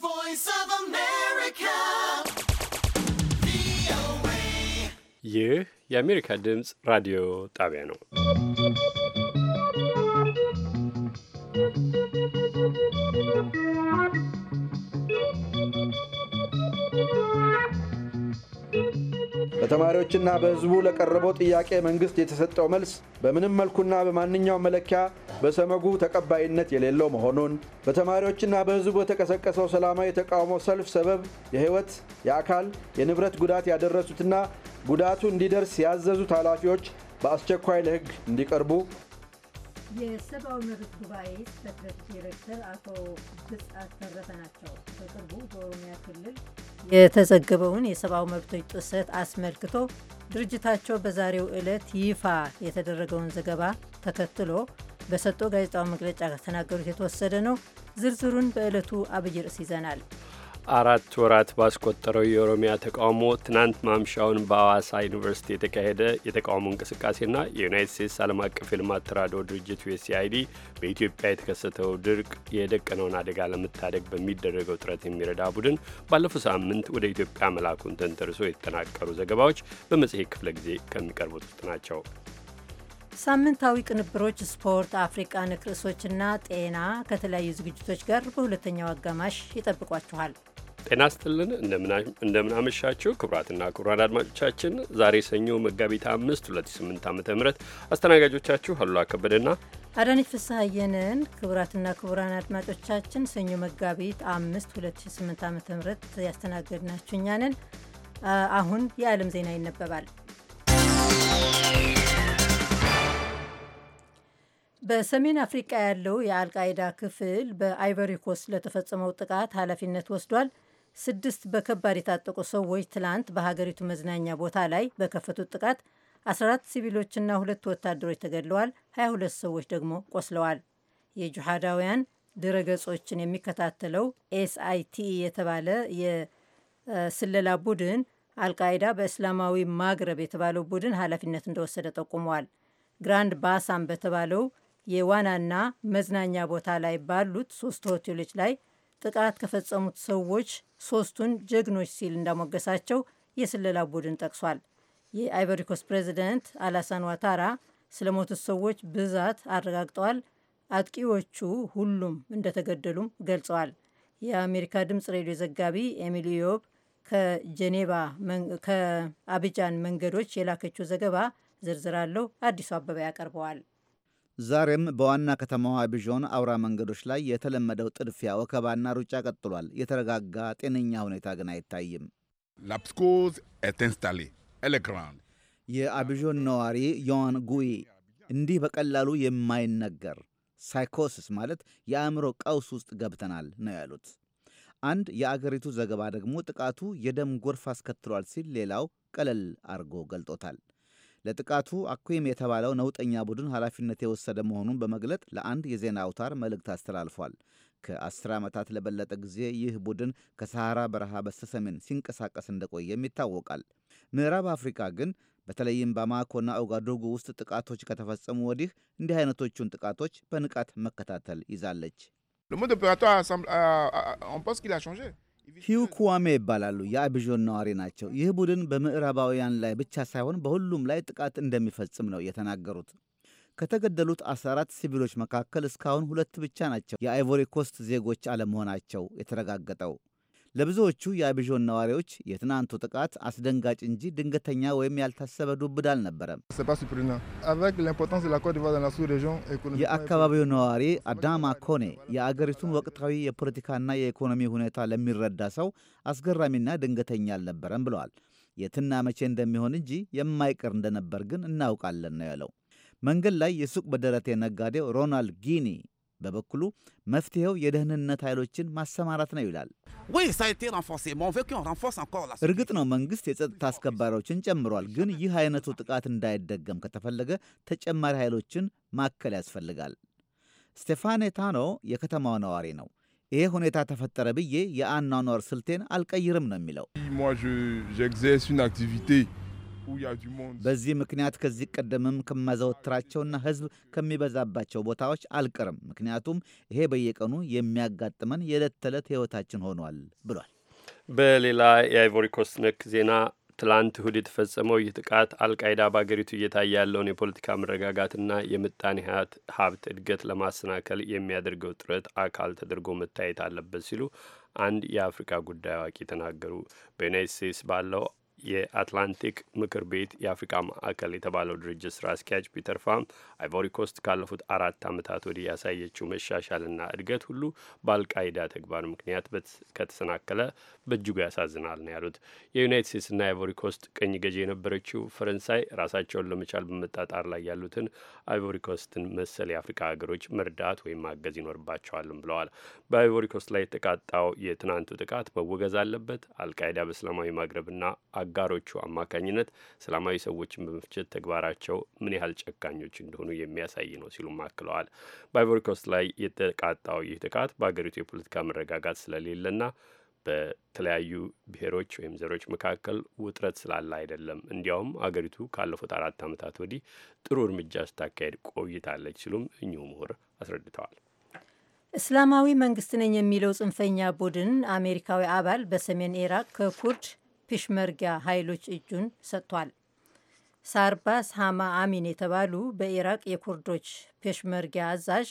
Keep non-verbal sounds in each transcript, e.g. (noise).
voice of America. VOA. Yeah, yeah, America Dims Radio Taviano. በተማሪዎችና በህዝቡ ለቀረበው ጥያቄ መንግስት የተሰጠው መልስ በምንም መልኩና በማንኛውም መለኪያ በሰመጉ ተቀባይነት የሌለው መሆኑን በተማሪዎችና በህዝቡ በተቀሰቀሰው ሰላማዊ የተቃውሞ ሰልፍ ሰበብ የህይወት የአካል፣ የንብረት ጉዳት ያደረሱትና ጉዳቱ እንዲደርስ ያዘዙት ኃላፊዎች በአስቸኳይ ለህግ እንዲቀርቡ መብት ጉባኤ ጽሕፈት ዲሬክተር አቶ ብጻት ተረፈ ናቸው። በቅርቡ በኦሮሚያ ክልል የተዘገበውን የሰብአዊ መብቶች ጥሰት አስመልክቶ ድርጅታቸው በዛሬው ዕለት ይፋ የተደረገውን ዘገባ ተከትሎ በሰጠው ጋዜጣዊ መግለጫ ከተናገሩት የተወሰደ ነው። ዝርዝሩን በዕለቱ አብይ ርዕስ ይዘናል። አራት ወራት ባስቆጠረው የኦሮሚያ ተቃውሞ ትናንት ማምሻውን በአዋሳ ዩኒቨርሲቲ የተካሄደ የተቃውሞ እንቅስቃሴና የዩናይት ስቴትስ ዓለም አቀፍ የልማት ተራድኦ ድርጅት ዩኤስኤአይዲ በኢትዮጵያ የተከሰተው ድርቅ የደቀነውን አደጋ ለመታደግ በሚደረገው ጥረት የሚረዳ ቡድን ባለፈው ሳምንት ወደ ኢትዮጵያ መላኩን ተንተርሶ የተጠናቀሩ ዘገባዎች በመጽሔት ክፍለ ጊዜ ከሚቀርቡት ውስጥ ናቸው። ሳምንታዊ ቅንብሮች፣ ስፖርት፣ አፍሪቃ ንቅርሶችና ጤና ከተለያዩ ዝግጅቶች ጋር በሁለተኛው አጋማሽ ይጠብቋችኋል። ጤና ስጥልን እንደምናመሻችሁ ክቡራትና ክቡራን አድማጮቻችን ዛሬ ሰኞ መጋቢት አምስት 28 ዓ ም አስተናጋጆቻችሁ አሉላ ከበደና አዳነች ፍስሐየንን። ክቡራትና ክቡራን አድማጮቻችን ሰኞ መጋቢት አምስት 2008 ዓ ም ያስተናገድናችሁ አሁን የዓለም ዜና ይነበባል። በሰሜን አፍሪቃ ያለው የአልቃይዳ ክፍል በአይቨሪኮስ ለተፈጸመው ጥቃት ኃላፊነት ወስዷል። ስድስት በከባድ የታጠቁ ሰዎች ትላንት በሀገሪቱ መዝናኛ ቦታ ላይ በከፈቱት ጥቃት 14 ሲቪሎችና ሁለት ወታደሮች ተገድለዋል፣ 22 ሰዎች ደግሞ ቆስለዋል። የጁሃዳውያን ድረገጾችን የሚከታተለው ኤስአይቲ የተባለ የስለላ ቡድን አልቃይዳ በእስላማዊ ማግረብ የተባለው ቡድን ኃላፊነት እንደወሰደ ጠቁመዋል። ግራንድ ባሳም በተባለው የዋናና መዝናኛ ቦታ ላይ ባሉት ሶስት ሆቴሎች ላይ ጥቃት ከፈጸሙት ሰዎች ሶስቱን ጀግኖች ሲል እንዳሞገሳቸው የስለላ ቡድን ጠቅሷል። የአይቨሪኮስ ፕሬዚደንት አላሳን ዋታራ ስለ ሞቱት ሰዎች ብዛት አረጋግጠዋል። አጥቂዎቹ ሁሉም እንደተገደሉም ገልጸዋል። የአሜሪካ ድምፅ ሬዲዮ ዘጋቢ ኤሚሊ ዮብ ከጄኔቫ ከአብጃን መንገዶች የላከችው ዘገባ ዝርዝራለው አዲሱ አበባ ያቀርበዋል። ዛሬም በዋና ከተማዋ ቢዦን አውራ መንገዶች ላይ የተለመደው ጥድፊያ፣ ወከባና ሩጫ ቀጥሏል። የተረጋጋ ጤነኛ ሁኔታ ግን አይታይም። የአቢዦን ነዋሪ ዮዋን ጉይ እንዲህ በቀላሉ የማይነገር ሳይኮሲስ ማለት የአእምሮ ቀውስ ውስጥ ገብተናል ነው ያሉት። አንድ የአገሪቱ ዘገባ ደግሞ ጥቃቱ የደም ጎርፍ አስከትሏል ሲል ሌላው ቀለል አድርጎ ገልጦታል። ለጥቃቱ አኩይም የተባለው ነውጠኛ ቡድን ኃላፊነት የወሰደ መሆኑን በመግለጥ ለአንድ የዜና አውታር መልእክት አስተላልፏል። ከ10 ዓመታት ለበለጠ ጊዜ ይህ ቡድን ከሰሃራ በረሃ በስተሰሜን ሲንቀሳቀስ እንደቆየም ይታወቃል። ምዕራብ አፍሪካ ግን በተለይም ባማኮና ኦጋዶጉ ውስጥ ጥቃቶች ከተፈጸሙ ወዲህ እንዲህ አይነቶቹን ጥቃቶች በንቃት መከታተል ይዛለች። ሂው ኩዋሜ ይባላሉ። የአቢዦን ነዋሪ ናቸው። ይህ ቡድን በምዕራባውያን ላይ ብቻ ሳይሆን በሁሉም ላይ ጥቃት እንደሚፈጽም ነው የተናገሩት። ከተገደሉት 14 ሲቪሎች መካከል እስካሁን ሁለት ብቻ ናቸው የአይቮሪ ኮስት ዜጎች አለመሆናቸው የተረጋገጠው። ለብዙዎቹ የአቢዦን ነዋሪዎች የትናንቱ ጥቃት አስደንጋጭ እንጂ ድንገተኛ ወይም ያልታሰበ ዱብድ አልነበረም። የአካባቢው ነዋሪ አዳማ ኮኔ የአገሪቱን ወቅታዊ የፖለቲካና የኢኮኖሚ ሁኔታ ለሚረዳ ሰው አስገራሚና ድንገተኛ አልነበረም ብለዋል። የትና መቼ እንደሚሆን እንጂ የማይቀር እንደነበር ግን እናውቃለን ነው ያለው። መንገድ ላይ የሱቅ በደረቴ ነጋዴው ሮናልድ ጊኒ በበኩሉ መፍትሄው የደህንነት ኃይሎችን ማሰማራት ነው ይላል። እርግጥ ነው መንግስት የጸጥታ አስከባሪዎችን ጨምሯል። ግን ይህ አይነቱ ጥቃት እንዳይደገም ከተፈለገ ተጨማሪ ኃይሎችን ማከል ያስፈልጋል። ታኖ የከተማው ነዋሪ ነው። ይሄ ሁኔታ ተፈጠረ ብዬ የአኗኗር ስልቴን አልቀይርም ነው የሚለው በዚህ ምክንያት ከዚህ ቀደምም ከማዘወትራቸውና ህዝብ ከሚበዛባቸው ቦታዎች አልቀርም፣ ምክንያቱም ይሄ በየቀኑ የሚያጋጥመን የዕለት ተዕለት ህይወታችን ሆኗል ብሏል። በሌላ የአይቮሪ ኮስት ነክ ዜና ትላንት እሁድ የተፈጸመው ይህ ጥቃት አልቃይዳ በአገሪቱ እየታየ ያለውን የፖለቲካ መረጋጋትና የምጣኔ ሀብት እድገት ለማሰናከል የሚያደርገው ጥረት አካል ተደርጎ መታየት አለበት ሲሉ አንድ የአፍሪካ ጉዳይ አዋቂ ተናገሩ። በዩናይት ስቴትስ ባለው የአትላንቲክ ምክር ቤት የአፍሪካ ማዕከል የተባለው ድርጅት ስራ አስኪያጅ ፒተር ፋም ኮስት ካለፉት አራት ዓመታት ወዲህ ያሳየችው መሻሻልና እድገት ሁሉ በአልቃይዳ ተግባር ምክንያት ከተሰናከለ በእጅጉ ያሳዝናል ነው ያሉት። የዩናይት ስቴትስና ኮስት ቀኝ ገዢ የነበረችው ፈረንሳይ ራሳቸውን ለመቻል በመጣጣር ላይ ያሉትን ኮስትን መሰል የአፍሪካ ሀገሮች መርዳት ወይም ማገዝ ይኖርባቸዋልም ብለዋል። ኮስት ላይ የተቃጣው የትናንቱ ጥቃት መወገዝ አለበት። አልቃይዳ በእስላማዊ ማግረብና አጋሮቹ አማካኝነት ሰላማዊ ሰዎችን በመፍጀት ተግባራቸው ምን ያህል ጨካኞች እንደሆኑ የሚያሳይ ነው ሲሉም አክለዋል። በአይቮሪኮስት ላይ የተቃጣው ይህ ጥቃት በአገሪቱ የፖለቲካ መረጋጋት ስለሌለና በተለያዩ ብሔሮች ወይም ዘሮች መካከል ውጥረት ስላለ አይደለም። እንዲያውም አገሪቱ ካለፉት አራት ዓመታት ወዲህ ጥሩ እርምጃ ስታካሄድ ቆይታለች ሲሉም እኚሁ ምሁር አስረድተዋል። እስላማዊ መንግስት ነኝ የሚለው ጽንፈኛ ቡድን አሜሪካዊ አባል በሰሜን ኢራቅ ከኩርድ ፒሽመርጊያ ኃይሎች እጁን ሰጥቷል። ሳርባስ ሃማ አሚን የተባሉ በኢራቅ የኩርዶች ፔሽመርጊያ አዛዥ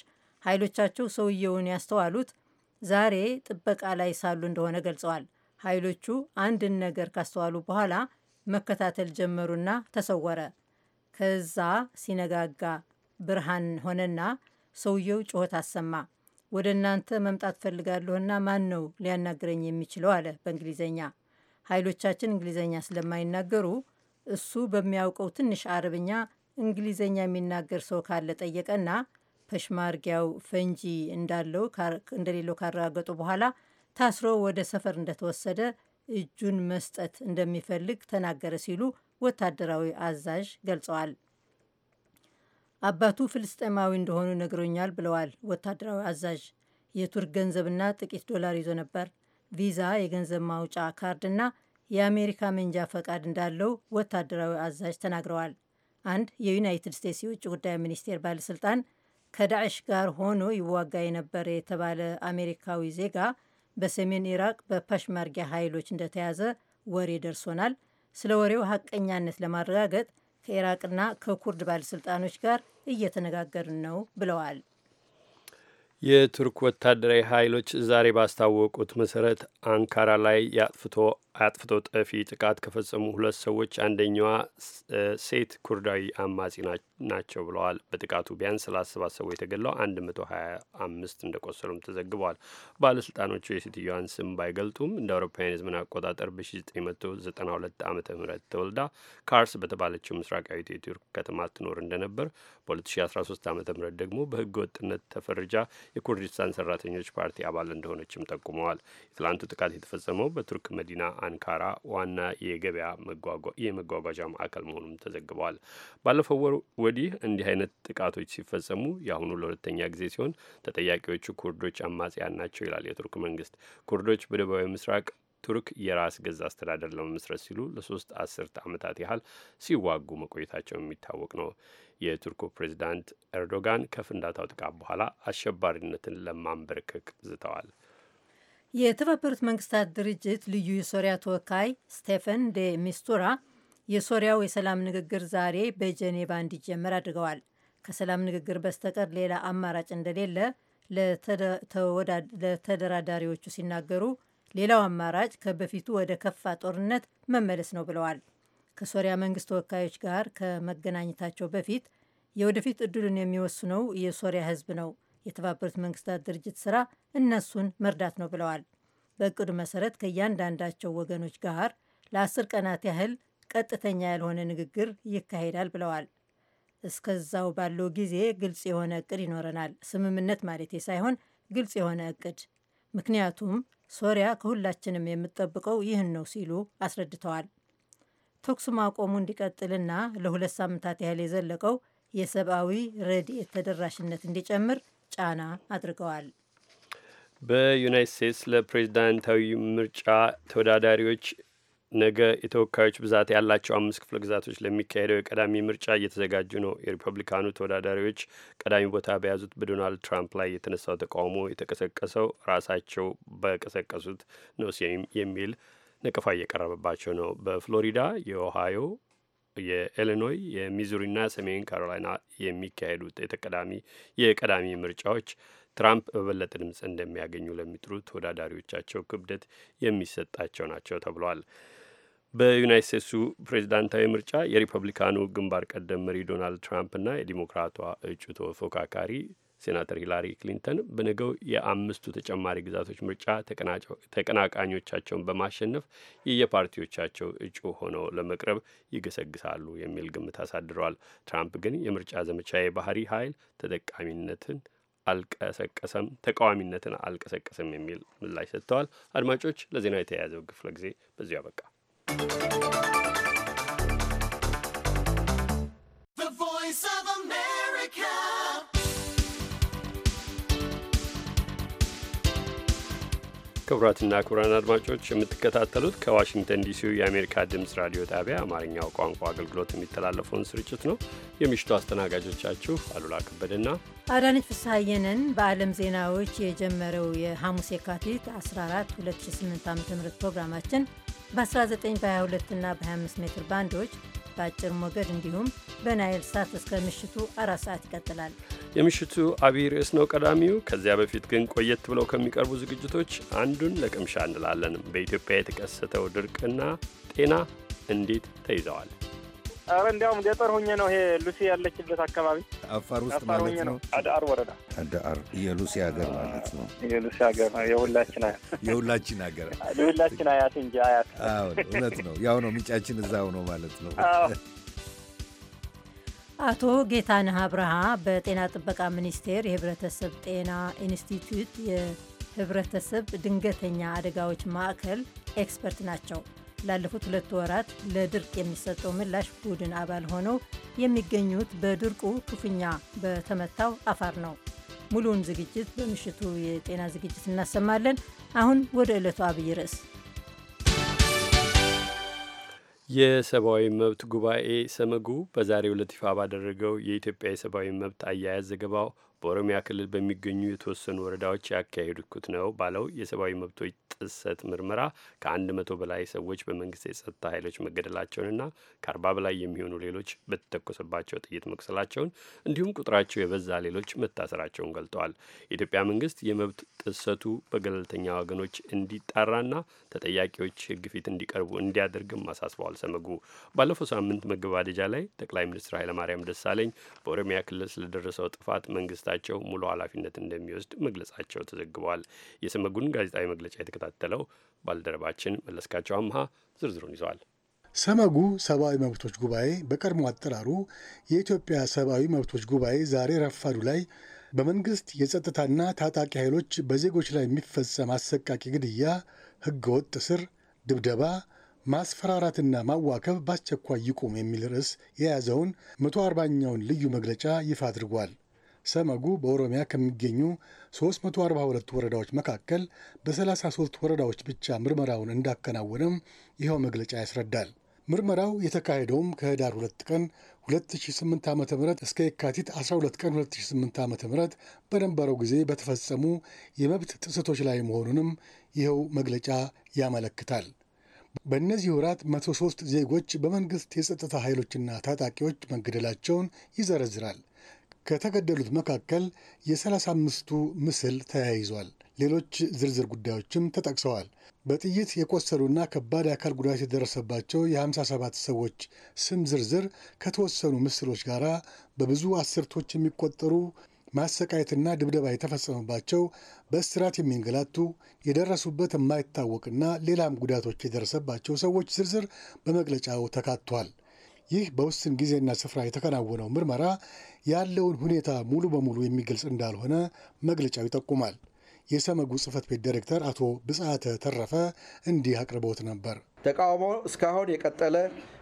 ኃይሎቻቸው ሰውየውን ያስተዋሉት ዛሬ ጥበቃ ላይ ሳሉ እንደሆነ ገልጸዋል። ኃይሎቹ አንድን ነገር ካስተዋሉ በኋላ መከታተል ጀመሩና ተሰወረ። ከዛ ሲነጋጋ ብርሃን ሆነና ሰውየው ጩኸት አሰማ። ወደ እናንተ መምጣት ፈልጋለሁና ማን ነው ሊያናግረኝ የሚችለው? አለ በእንግሊዝኛ። ኃይሎቻችን እንግሊዘኛ ስለማይናገሩ እሱ በሚያውቀው ትንሽ አረብኛ እንግሊዘኛ የሚናገር ሰው ካለ ጠየቀና ፐሽማርጊያው ፈንጂ እንዳለው እንደሌለው ካረጋገጡ በኋላ ታስሮ ወደ ሰፈር እንደተወሰደ እጁን መስጠት እንደሚፈልግ ተናገረ ሲሉ ወታደራዊ አዛዥ ገልጸዋል። አባቱ ፍልስጤማዊ እንደሆኑ ነግሮኛል ብለዋል ወታደራዊ አዛዥ። የቱርክ ገንዘብና ጥቂት ዶላር ይዞ ነበር። ቪዛ፣ የገንዘብ ማውጫ ካርድና የአሜሪካ መንጃ ፈቃድ እንዳለው ወታደራዊ አዛዥ ተናግረዋል። አንድ የዩናይትድ ስቴትስ የውጭ ጉዳይ ሚኒስቴር ባለስልጣን ከዳዕሽ ጋር ሆኖ ይዋጋ የነበረ የተባለ አሜሪካዊ ዜጋ በሰሜን ኢራቅ በፓሽማርጊያ ኃይሎች እንደተያዘ ወሬ ደርሶናል። ስለ ወሬው ሀቀኛነት ለማረጋገጥ ከኢራቅና ከኩርድ ባለስልጣኖች ጋር እየተነጋገርን ነው ብለዋል። የቱርክ ወታደራዊ ኃይሎች ዛሬ ባስታወቁት መሰረት አንካራ ላይ የአጥፍቶ አጥፍቶ ጠፊ ጥቃት ከፈጸሙ ሁለት ሰዎች አንደኛዋ ሴት ኩርዳዊ አማጺ ናቸው ብለዋል። በጥቃቱ ቢያንስ ሰላሳ ሰባት ሰዎች የተገድለው አንድ መቶ ሀያ አምስት እንደቆሰሉም ተዘግበዋል። ባለስልጣኖቹ የሴትዮዋን ስም ባይገልጡም እንደ አውሮፓውያን የዘመን አቆጣጠር በ1992 ዓመተ ምህረት ተወልዳ ካርስ በተባለችው ምስራቃዊት የቱርክ ከተማ ትኖር እንደነበር በ2013 ዓመተ ምህረት ደግሞ በህገ ወጥነት ተፈርጃ የኩርዲስታን ሰራተኞች ፓርቲ አባል እንደሆነችም ጠቁመዋል። የትላንቱ ጥቃት የተፈጸመው በቱርክ መዲና አንካራ ዋና የገበያ የመጓጓዣ ማዕከል መሆኑም ተዘግበዋል። ባለፈው ወር ወዲህ እንዲህ አይነት ጥቃቶች ሲፈጸሙ የአሁኑ ለሁለተኛ ጊዜ ሲሆን ተጠያቂዎቹ ኩርዶች አማጽያን ናቸው ይላል የቱርክ መንግስት። ኩርዶች በደቡባዊ ምስራቅ ቱርክ የራስ ገዝ አስተዳደር ለመመስረት ሲሉ ለሶስት አስርት ዓመታት ያህል ሲዋጉ መቆየታቸው የሚታወቅ ነው። የቱርኩ ፕሬዚዳንት ኤርዶጋን ከፍንዳታው ጥቃት በኋላ አሸባሪነትን ለማንበርከክ ዝተዋል። የተባበሩት መንግስታት ድርጅት ልዩ የሶሪያ ተወካይ ስቴፈን ዴ ሚስቱራ የሶሪያው የሰላም ንግግር ዛሬ በጀኔቫ እንዲጀመር አድርገዋል። ከሰላም ንግግር በስተቀር ሌላ አማራጭ እንደሌለ ለተደራዳሪዎቹ ሲናገሩ፣ ሌላው አማራጭ ከበፊቱ ወደ ከፋ ጦርነት መመለስ ነው ብለዋል። ከሶሪያ መንግስት ተወካዮች ጋር ከመገናኘታቸው በፊት የወደፊት እድሉን የሚወስነው የሶሪያ ህዝብ ነው የተባበሩት መንግስታት ድርጅት ስራ እነሱን መርዳት ነው ብለዋል። በእቅዱ መሰረት ከእያንዳንዳቸው ወገኖች ጋር ለአስር ቀናት ያህል ቀጥተኛ ያልሆነ ንግግር ይካሄዳል ብለዋል። እስከዛው ባለው ጊዜ ግልጽ የሆነ እቅድ ይኖረናል። ስምምነት ማለቴ ሳይሆን ግልጽ የሆነ እቅድ፣ ምክንያቱም ሶሪያ ከሁላችንም የምትጠብቀው ይህን ነው ሲሉ አስረድተዋል። ተኩስ ማቆሙ እንዲቀጥልና ለሁለት ሳምንታት ያህል የዘለቀው የሰብአዊ ረድኤት ተደራሽነት እንዲጨምር ጫና አድርገዋል። በዩናይት ስቴትስ ለፕሬዚዳንታዊ ምርጫ ተወዳዳሪዎች ነገ የተወካዮች ብዛት ያላቸው አምስት ክፍለ ግዛቶች ለሚካሄደው የቀዳሚ ምርጫ እየተዘጋጁ ነው። የሪፐብሊካኑ ተወዳዳሪዎች ቀዳሚ ቦታ በያዙት በዶናልድ ትራምፕ ላይ የተነሳው ተቃውሞ የተቀሰቀሰው ራሳቸው በቀሰቀሱት ነው የሚል ነቀፋ እየቀረበባቸው ነው። በፍሎሪዳ፣ የኦሃዮ የኢሊኖይ የሚዙሪና ሰሜን ካሮላይና የሚካሄዱት የተቀዳሚ የቀዳሚ ምርጫዎች ትራምፕ በበለጠ ድምፅ እንደሚያገኙ ለሚጥሩ ተወዳዳሪዎቻቸው ክብደት የሚሰጣቸው ናቸው ተብሏል። በዩናይት ስቴትሱ ፕሬዚዳንታዊ ምርጫ የሪፐብሊካኑ ግንባር ቀደም መሪ ዶናልድ ትራምፕና የዲሞክራቷ እጩ ተፎካካሪ ሴናተር ሂላሪ ክሊንተን በነገው የአምስቱ ተጨማሪ ግዛቶች ምርጫ ተቀናቃኞቻቸውን በማሸነፍ የየፓርቲዎቻቸው እጩ ሆነው ለመቅረብ ይገሰግሳሉ የሚል ግምት አሳድረዋል። ትራምፕ ግን የምርጫ ዘመቻ የባህሪ ኃይል ተጠቃሚነትን አልቀሰቀሰም፣ ተቃዋሚነትን አልቀሰቀሰም የሚል ምላሽ ሰጥተዋል። አድማጮች፣ ለዜና የተያያዘው ክፍለ ጊዜ በዚሁ አበቃ። ክቡራትና ክቡራን አድማጮች የምትከታተሉት ከዋሽንግተን ዲሲው የአሜሪካ ድምፅ ራዲዮ ጣቢያ አማርኛው ቋንቋ አገልግሎት የሚተላለፈውን ስርጭት ነው። የምሽቱ አስተናጋጆቻችሁ አሉላ ከበደና አዳነች ፍስሐየንን። በዓለም ዜናዎች የጀመረው የሐሙስ የካቲት 14 2008 ዓ ም ፕሮግራማችን በ19 በ22ና በ25 ሜትር ባንዶች በአጭር ሞገድ እንዲሁም በናይል ሳት እስከ ምሽቱ አራት ሰዓት ይቀጥላል። የምሽቱ አብይ ርዕስ ነው ቀዳሚው። ከዚያ በፊት ግን ቆየት ብለው ከሚቀርቡ ዝግጅቶች አንዱን ለቅምሻ እንላለን። በኢትዮጵያ የተከሰተው ድርቅና ጤና እንዴት ተይዘዋል? አረ እንዲያውም ገጠር ሁኜ ነው። ይሄ ሉሲ ያለችበት አካባቢ አፋር ውስጥ ማለት ነው። አዳር ወረዳ አዳር የሉሲ ሀገር ማለት ነው። የሉሲ ሀገር ነው። የሁላችን አያት የሁላችን ሀገር የሁላችን አያት እንጂ አያት እውነት ነው። ያው ነው ምንጫችን እዛው ነው ማለት ነው። አቶ ጌታነህ አብርሃ በጤና ጥበቃ ሚኒስቴር የህብረተሰብ ጤና ኢንስቲትዩት የህብረተሰብ ድንገተኛ አደጋዎች ማዕከል ኤክስፐርት ናቸው። ላለፉት ሁለት ወራት ለድርቅ የሚሰጠው ምላሽ ቡድን አባል ሆነው የሚገኙት በድርቁ ክፉኛ በተመታው አፋር ነው። ሙሉውን ዝግጅት በምሽቱ የጤና ዝግጅት እናሰማለን። አሁን ወደ ዕለቱ አብይ ርዕስ የሰብአዊ መብት ጉባኤ ሰመጉ በዛሬው ዕለት ይፋ ባደረገው የኢትዮጵያ የሰብአዊ መብት አያያዝ ዘገባው በኦሮሚያ ክልል በሚገኙ የተወሰኑ ወረዳዎች ያካሄድኩት ነው ባለው የሰብአዊ መብቶች ጥሰት ምርመራ ከአንድ መቶ በላይ ሰዎች በመንግስት የጸጥታ ኃይሎች መገደላቸውንና ከአርባ በላይ የሚሆኑ ሌሎች በተተኮሰባቸው ጥይት መቁሰላቸውን እንዲሁም ቁጥራቸው የበዛ ሌሎች መታሰራቸውን ገልጠዋል። የኢትዮጵያ መንግስት የመብት ጥሰቱ በገለልተኛ ወገኖች እንዲጣራና ተጠያቂዎች ህግ ፊት እንዲቀርቡ እንዲያደርግም አሳስበዋል። ሰመጉ ባለፈው ሳምንት መገባደጃ ላይ ጠቅላይ ሚኒስትር ኃይለማርያም ደሳለኝ በኦሮሚያ ክልል ስለደረሰው ጥፋት መንግስት መንግስታቸው ሙሉ ኃላፊነት እንደሚወስድ መግለጻቸው ተዘግቧል። የሰመጉን ጋዜጣዊ መግለጫ የተከታተለው ባልደረባችን መለስካቸው አምሃ ዝርዝሩን ይዘዋል። ሰመጉ ሰብአዊ መብቶች ጉባኤ በቀድሞ አጠራሩ የኢትዮጵያ ሰብአዊ መብቶች ጉባኤ ዛሬ ረፋዱ ላይ በመንግስት የጸጥታና ታጣቂ ኃይሎች በዜጎች ላይ የሚፈጸም አሰቃቂ ግድያ፣ ህገወጥ እስር፣ ድብደባ ማስፈራራትና ማዋከብ በአስቸኳይ ይቁም የሚል ርዕስ የያዘውን መቶ አርባኛውን ልዩ መግለጫ ይፋ አድርጓል። ሰመጉ በኦሮሚያ ከሚገኙ 342 ወረዳዎች መካከል በ33 ወረዳዎች ብቻ ምርመራውን እንዳከናወነም ይኸው መግለጫ ያስረዳል። ምርመራው የተካሄደውም ከህዳር 2 ቀን 2008 ዓ ም እስከ የካቲት 12 ቀን 2008 ዓ ም በነበረው ጊዜ በተፈጸሙ የመብት ጥሰቶች ላይ መሆኑንም ይኸው መግለጫ ያመለክታል። በእነዚህ ወራት 103 ዜጎች በመንግሥት የጸጥታ ኃይሎችና ታጣቂዎች መገደላቸውን ይዘረዝራል። ከተገደሉት መካከል የሰላሳ አምስቱ ምስል ተያይዟል። ሌሎች ዝርዝር ጉዳዮችም ተጠቅሰዋል። በጥይት የቆሰሉና ከባድ አካል ጉዳት የደረሰባቸው የ57 ሰዎች ስም ዝርዝር ከተወሰኑ ምስሎች ጋር በብዙ አስርቶች የሚቆጠሩ ማሰቃየትና ድብደባ የተፈጸመባቸው በእስራት የሚንገላቱ የደረሱበት የማይታወቅና ሌላም ጉዳቶች የደረሰባቸው ሰዎች ዝርዝር በመግለጫው ተካቷል። ይህ በውስን ጊዜና ስፍራ የተከናወነው ምርመራ ያለውን ሁኔታ ሙሉ በሙሉ የሚገልጽ እንዳልሆነ መግለጫው ይጠቁማል። የሰመጉ ጽህፈት ቤት ዲሬክተር አቶ ብጻተ ተረፈ እንዲህ አቅርበውት ነበር። ተቃውሞ እስካሁን የቀጠለ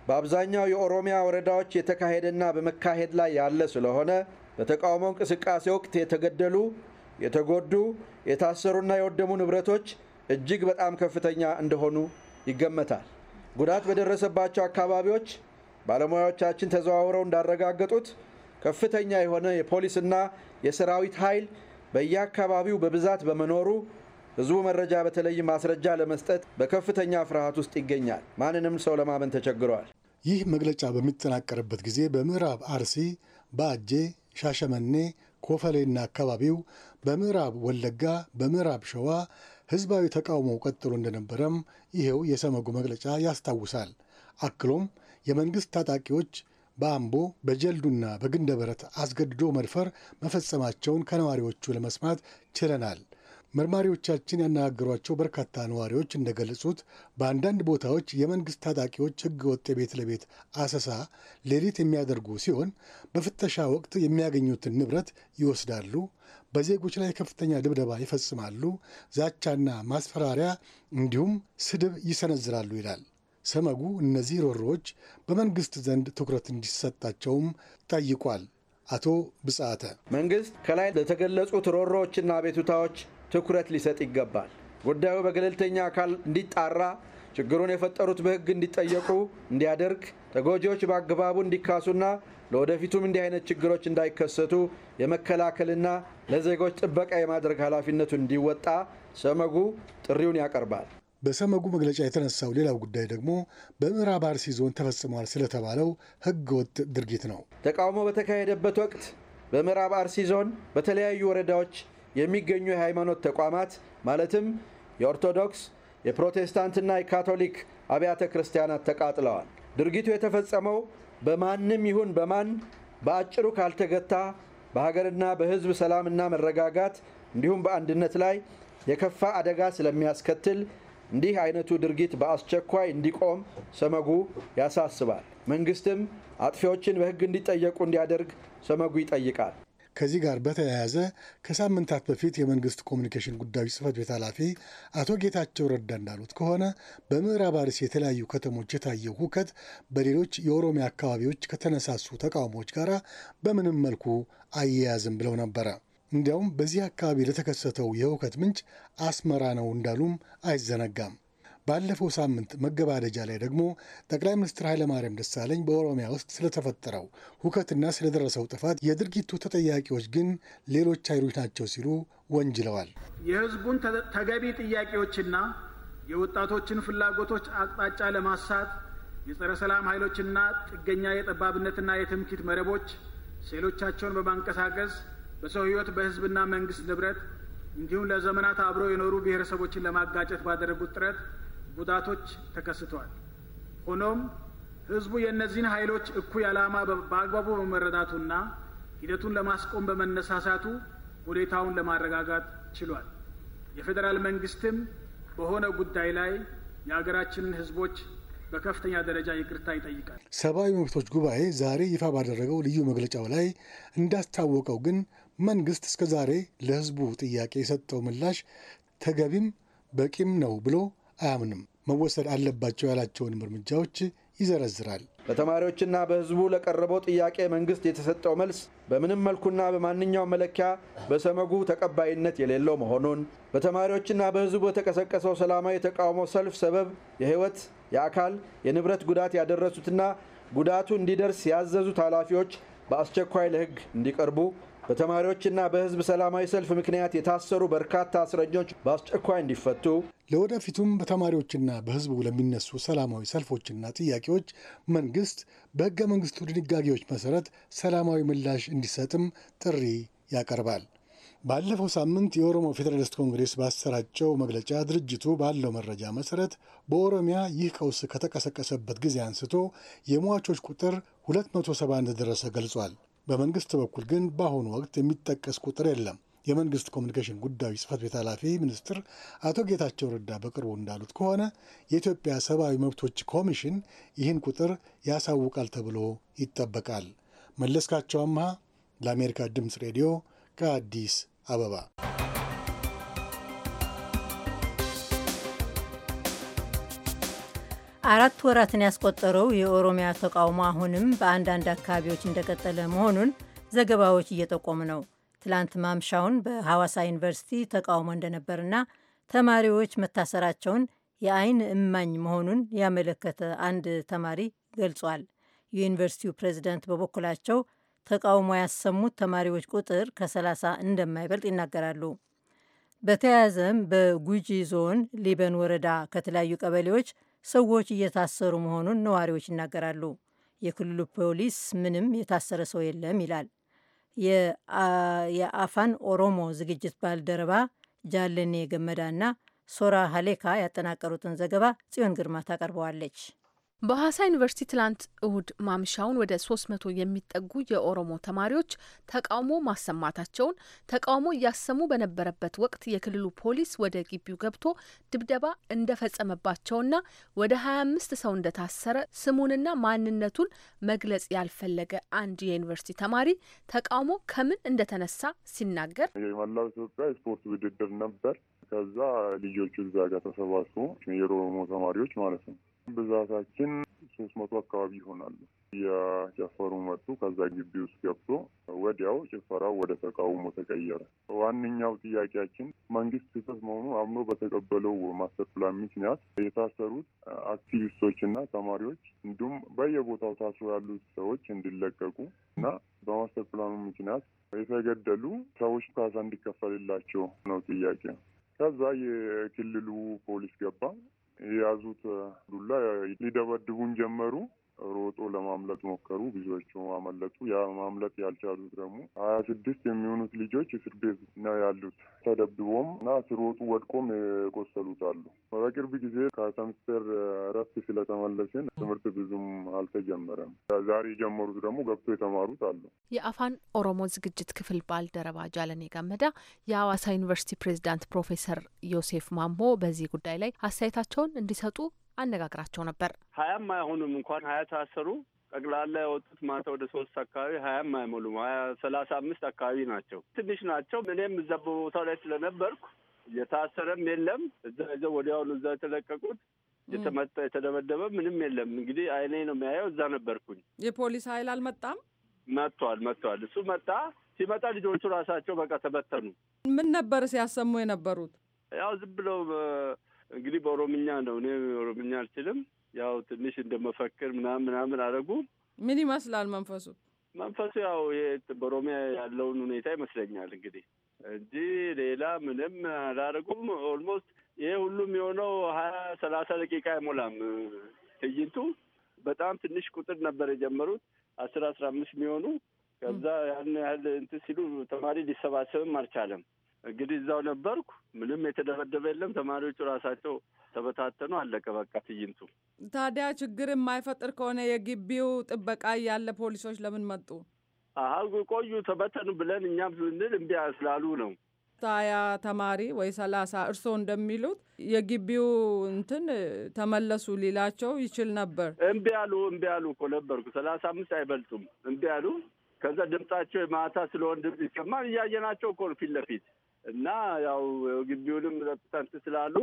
በአብዛኛው የኦሮሚያ ወረዳዎች የተካሄደና በመካሄድ ላይ ያለ ስለሆነ በተቃውሞ እንቅስቃሴ ወቅት የተገደሉ፣ የተጎዱ፣ የታሰሩና የወደሙ ንብረቶች እጅግ በጣም ከፍተኛ እንደሆኑ ይገመታል። ጉዳት በደረሰባቸው አካባቢዎች ባለሙያዎቻችን ተዘዋውረው እንዳረጋገጡት ከፍተኛ የሆነ የፖሊስና የሰራዊት ኃይል በየአካባቢው በብዛት በመኖሩ ህዝቡ መረጃ በተለይ ማስረጃ ለመስጠት በከፍተኛ ፍርሃት ውስጥ ይገኛል። ማንንም ሰው ለማመን ተቸግረዋል። ይህ መግለጫ በሚጠናቀርበት ጊዜ በምዕራብ አርሲ፣ በአጄ፣ ሻሸመኔ፣ ኮፈሌና አካባቢው፣ በምዕራብ ወለጋ፣ በምዕራብ ሸዋ ህዝባዊ ተቃውሞ ቀጥሎ እንደነበረም ይኸው የሰመጉ መግለጫ ያስታውሳል። አክሎም የመንግስት ታጣቂዎች በአምቦ በጀልዱና በግንደበረት አስገድዶ መድፈር መፈጸማቸውን ከነዋሪዎቹ ለመስማት ችለናል። መርማሪዎቻችን ያነጋገሯቸው በርካታ ነዋሪዎች እንደገለጹት በአንዳንድ ቦታዎች የመንግስት ታጣቂዎች ህገወጥ የቤት ለቤት አሰሳ ሌሊት የሚያደርጉ ሲሆን በፍተሻ ወቅት የሚያገኙትን ንብረት ይወስዳሉ፣ በዜጎች ላይ ከፍተኛ ድብደባ ይፈጽማሉ፣ ዛቻና ማስፈራሪያ እንዲሁም ስድብ ይሰነዝራሉ ይላል። ሰመጉ እነዚህ ሮሮዎች በመንግስት ዘንድ ትኩረት እንዲሰጣቸውም ጠይቋል። አቶ ብጻተ መንግስት ከላይ ለተገለጹት ሮሮዎችና አቤቱታዎች ትኩረት ሊሰጥ ይገባል። ጉዳዩ በገለልተኛ አካል እንዲጣራ፣ ችግሩን የፈጠሩት በህግ እንዲጠየቁ እንዲያደርግ፣ ተጎጂዎች በአግባቡ እንዲካሱና ለወደፊቱም እንዲህ አይነት ችግሮች እንዳይከሰቱ የመከላከልና ለዜጎች ጥበቃ የማድረግ ኃላፊነቱን እንዲወጣ ሰመጉ ጥሪውን ያቀርባል። በሰመጉ መግለጫ የተነሳው ሌላው ጉዳይ ደግሞ በምዕራብ አርሲ ዞን ተፈጽሟል ስለተባለው ህገወጥ ድርጊት ነው። ተቃውሞ በተካሄደበት ወቅት በምዕራብ አርሲ ዞን በተለያዩ ወረዳዎች የሚገኙ የሃይማኖት ተቋማት ማለትም የኦርቶዶክስ፣ የፕሮቴስታንትና የካቶሊክ አብያተ ክርስቲያናት ተቃጥለዋል። ድርጊቱ የተፈጸመው በማንም ይሁን በማን በአጭሩ ካልተገታ በሀገርና በህዝብ ሰላምና መረጋጋት እንዲሁም በአንድነት ላይ የከፋ አደጋ ስለሚያስከትል እንዲህ አይነቱ ድርጊት በአስቸኳይ እንዲቆም ሰመጉ ያሳስባል። መንግስትም አጥፊዎችን በህግ እንዲጠየቁ እንዲያደርግ ሰመጉ ይጠይቃል። ከዚህ ጋር በተያያዘ ከሳምንታት በፊት የመንግስት ኮሚኒኬሽን ጉዳዮች ጽህፈት ቤት ኃላፊ አቶ ጌታቸው ረዳ እንዳሉት ከሆነ በምዕራብ አርሲ የተለያዩ ከተሞች የታየው ሁከት በሌሎች የኦሮሚያ አካባቢዎች ከተነሳሱ ተቃውሞዎች ጋር በምንም መልኩ አያያዝም ብለው ነበረ። እንዲያውም በዚህ አካባቢ ለተከሰተው የውከት ምንጭ አስመራ ነው እንዳሉም አይዘነጋም። ባለፈው ሳምንት መገባደጃ ላይ ደግሞ ጠቅላይ ሚኒስትር ኃይለማርያም ደሳለኝ በኦሮሚያ ውስጥ ስለተፈጠረው ሁከትና ስለደረሰው ጥፋት የድርጊቱ ተጠያቂዎች ግን ሌሎች ኃይሎች ናቸው ሲሉ ወንጅለዋል። የሕዝቡን ተገቢ ጥያቄዎችና የወጣቶችን ፍላጎቶች አቅጣጫ ለማሳት የጸረ ሰላም ኃይሎችና ጥገኛ የጠባብነትና የትምክህት መረቦች ሴሎቻቸውን በማንቀሳቀስ በሰው ህይወት፣ በህዝብና መንግስት ንብረት እንዲሁም ለዘመናት አብረው የኖሩ ብሔረሰቦችን ለማጋጨት ባደረጉት ጥረት ጉዳቶች ተከስተዋል። ሆኖም ህዝቡ የእነዚህን ኃይሎች እኩይ ዓላማ በአግባቡ በመረዳቱና ሂደቱን ለማስቆም በመነሳሳቱ ሁኔታውን ለማረጋጋት ችሏል። የፌዴራል መንግስትም በሆነ ጉዳይ ላይ የሀገራችንን ህዝቦች በከፍተኛ ደረጃ ይቅርታ ይጠይቃል። ሰብአዊ መብቶች ጉባኤ ዛሬ ይፋ ባደረገው ልዩ መግለጫው ላይ እንዳስታወቀው ግን መንግስት እስከ ዛሬ ለህዝቡ ጥያቄ የሰጠው ምላሽ ተገቢም በቂም ነው ብሎ አያምንም። መወሰድ አለባቸው ያላቸውንም እርምጃዎች ይዘረዝራል። በተማሪዎችና በህዝቡ ለቀረበው ጥያቄ መንግስት የተሰጠው መልስ በምንም መልኩና በማንኛውም መለኪያ በሰመጉ ተቀባይነት የሌለው መሆኑን፣ በተማሪዎችና በህዝቡ በተቀሰቀሰው ሰላማዊ የተቃውሞ ሰልፍ ሰበብ የህይወት የአካል፣ የንብረት ጉዳት ያደረሱትና ጉዳቱ እንዲደርስ ያዘዙት ኃላፊዎች በአስቸኳይ ለህግ እንዲቀርቡ በተማሪዎችና በህዝብ ሰላማዊ ሰልፍ ምክንያት የታሰሩ በርካታ እስረኞች በአስቸኳይ እንዲፈቱ ለወደፊቱም በተማሪዎችና በህዝቡ ለሚነሱ ሰላማዊ ሰልፎችና ጥያቄዎች መንግስት በህገ መንግስቱ ድንጋጌዎች መሰረት ሰላማዊ ምላሽ እንዲሰጥም ጥሪ ያቀርባል። ባለፈው ሳምንት የኦሮሞ ፌዴራሊስት ኮንግሬስ ባሰራጨው መግለጫ ድርጅቱ ባለው መረጃ መሰረት በኦሮሚያ ይህ ቀውስ ከተቀሰቀሰበት ጊዜ አንስቶ የሟቾች ቁጥር 270 እንደደረሰ ገልጿል። በመንግስት በኩል ግን በአሁኑ ወቅት የሚጠቀስ ቁጥር የለም። የመንግስት ኮሚኒኬሽን ጉዳዮች ጽህፈት ቤት ኃላፊ ሚኒስትር አቶ ጌታቸው ረዳ በቅርቡ እንዳሉት ከሆነ የኢትዮጵያ ሰብአዊ መብቶች ኮሚሽን ይህን ቁጥር ያሳውቃል ተብሎ ይጠበቃል። መለስካቸው አምሃ ለአሜሪካ ድምፅ ሬዲዮ ከአዲስ አበባ አራት ወራትን ያስቆጠረው የኦሮሚያ ተቃውሞ አሁንም በአንዳንድ አካባቢዎች እንደቀጠለ መሆኑን ዘገባዎች እየጠቆሙ ነው። ትላንት ማምሻውን በሐዋሳ ዩኒቨርሲቲ ተቃውሞ እንደነበርና ተማሪዎች መታሰራቸውን የአይን እማኝ መሆኑን ያመለከተ አንድ ተማሪ ገልጿል። የዩኒቨርሲቲው ፕሬዝዳንት በበኩላቸው ተቃውሞ ያሰሙት ተማሪዎች ቁጥር ከ30 እንደማይበልጥ ይናገራሉ። በተያያዘም በጉጂ ዞን ሊበን ወረዳ ከተለያዩ ቀበሌዎች ሰዎች እየታሰሩ መሆኑን ነዋሪዎች ይናገራሉ። የክልሉ ፖሊስ ምንም የታሰረ ሰው የለም ይላል። የአፋን ኦሮሞ ዝግጅት ባልደረባ ጃለኔ ገመዳና ሶራ ሀሌካ ያጠናቀሩትን ዘገባ ጽዮን ግርማ ታቀርበዋለች። በሐዋሳ ዩኒቨርሲቲ ትላንት እሁድ ማምሻውን ወደ ሶስት መቶ የሚጠጉ የኦሮሞ ተማሪዎች ተቃውሞ ማሰማታቸውን ተቃውሞ እያሰሙ በነበረበት ወቅት የክልሉ ፖሊስ ወደ ግቢው ገብቶ ድብደባ እንደፈጸመባቸውና ወደ ሀያ አምስት ሰው እንደታሰረ ስሙንና ማንነቱን መግለጽ ያልፈለገ አንድ የዩኒቨርሲቲ ተማሪ ተቃውሞ ከምን እንደተነሳ ሲናገር የመላው ኢትዮጵያ ስፖርት ውድድር ነበር። ከዛ ልጆቹ እዛ ጋር ተሰባስቦ የኦሮሞ ተማሪዎች ማለት ነው ብዛታችን ሶስት መቶ አካባቢ ይሆናሉ። የጨፈሩ መጡ። ከዛ ግቢ ውስጥ ገብቶ ወዲያው ጭፈራው ወደ ተቃውሞ ተቀየረ። ዋነኛው ጥያቄያችን መንግስት ስህተት መሆኑ አምኖ በተቀበለው ማስተር ፕላን ምክንያት የታሰሩት አክቲቪስቶችና ተማሪዎች እንዲሁም በየቦታው ታስሮ ያሉት ሰዎች እንዲለቀቁ እና በማስተር ፕላኑ ምክንያት የተገደሉ ሰዎች ካሳ እንዲከፈልላቸው ነው ጥያቄ። ከዛ የክልሉ ፖሊስ ገባ። የያዙት ዱላ ሊደበድቡን ጀመሩ። ሮጦ ለማምለጥ ሞከሩ። ብዙዎቹ አመለጡ። ያ ማምለጥ ያልቻሉት ደግሞ ሀያ ስድስት የሚሆኑት ልጆች እስር ቤት ነው ያሉት። ተደብቦም እና ሲሮጡ ወድቆም የቆሰሉት አሉ። በቅርብ ጊዜ ከሰምስተር እረፍት ስለተመለስን ትምህርት ብዙም አልተጀመረም። ዛሬ የጀመሩት ደግሞ ገብቶ የተማሩት አሉ። የአፋን ኦሮሞ ዝግጅት ክፍል ባልደረባ ጃለኔ ገመዳ፣ የአዋሳ ዩኒቨርሲቲ ፕሬዚዳንት ፕሮፌሰር ዮሴፍ ማሞ በዚህ ጉዳይ ላይ አስተያየታቸውን እንዲሰጡ አነጋግራቸው ነበር። ሀያም አይሆኑም እንኳን ሀያ ታሰሩ ጠቅላላ የወጡት ማታ ወደ ሶስት አካባቢ ሀያም አይሞሉም ሀያ ሰላሳ አምስት አካባቢ ናቸው። ትንሽ ናቸው። እኔም እዛ በቦታው ላይ ስለነበርኩ የታሰረም የለም እዛ ይዘ ወዲያውኑ እዛ የተለቀቁት የተመጣ የተደበደበ ምንም የለም። እንግዲህ አይኔ ነው የሚያየው። እዛ ነበርኩኝ። የፖሊስ ኃይል አልመጣም? መጥቷል መጥቷል። እሱ መጣ። ሲመጣ ልጆቹ ራሳቸው በቃ ተበተኑ። ምን ነበር ሲያሰሙ የነበሩት? ያው ዝም ብለው እንግዲህ በኦሮምኛ ነው። እኔ ኦሮምኛ አልችልም። ያው ትንሽ እንደመፈክር ምናምን ምናምን አደረጉ። ምን ይመስላል መንፈሱ? መንፈሱ ያው በኦሮሚያ ያለውን ሁኔታ ይመስለኛል እንግዲህ እንጂ ሌላ ምንም አላደረጉም። ኦልሞስት ይሄ ሁሉም የሆነው ሀያ ሰላሳ ደቂቃ አይሞላም ትዕይንቱ። በጣም ትንሽ ቁጥር ነበር የጀመሩት አስር አስራ አምስት የሚሆኑ ከዛ ያን ያህል እንትን ሲሉ ተማሪ ሊሰባሰብም አልቻለም። እንግዲህ እዛው ነበርኩ። ምንም የተደበደበ የለም። ተማሪዎቹ ራሳቸው ተበታተኑ። አለቀ በቃ ትዕይንቱ። ታዲያ ችግር የማይፈጥር ከሆነ የግቢው ጥበቃ ያለ ፖሊሶች ለምን መጡ? አሀጉ ቆዩ ተበተኑ ብለን እኛም ስንል እምቢ ስላሉ ነው። ታያ ተማሪ ወይ ሰላሳ እርስዎ እንደሚሉት የግቢው እንትን ተመለሱ ሊላቸው ይችል ነበር። እምቢ አሉ። እምቢ አሉ እኮ ነበርኩ። ሰላሳ አምስት አይበልጡም። እምቢ አሉ። ከዛ ድምጻቸው የማታ ስለሆን ድምጽ ይሰማል። እያየናቸው እኮ ፊት ለፊት እና ያው ግቢውንም ጠጥተን ስላሉ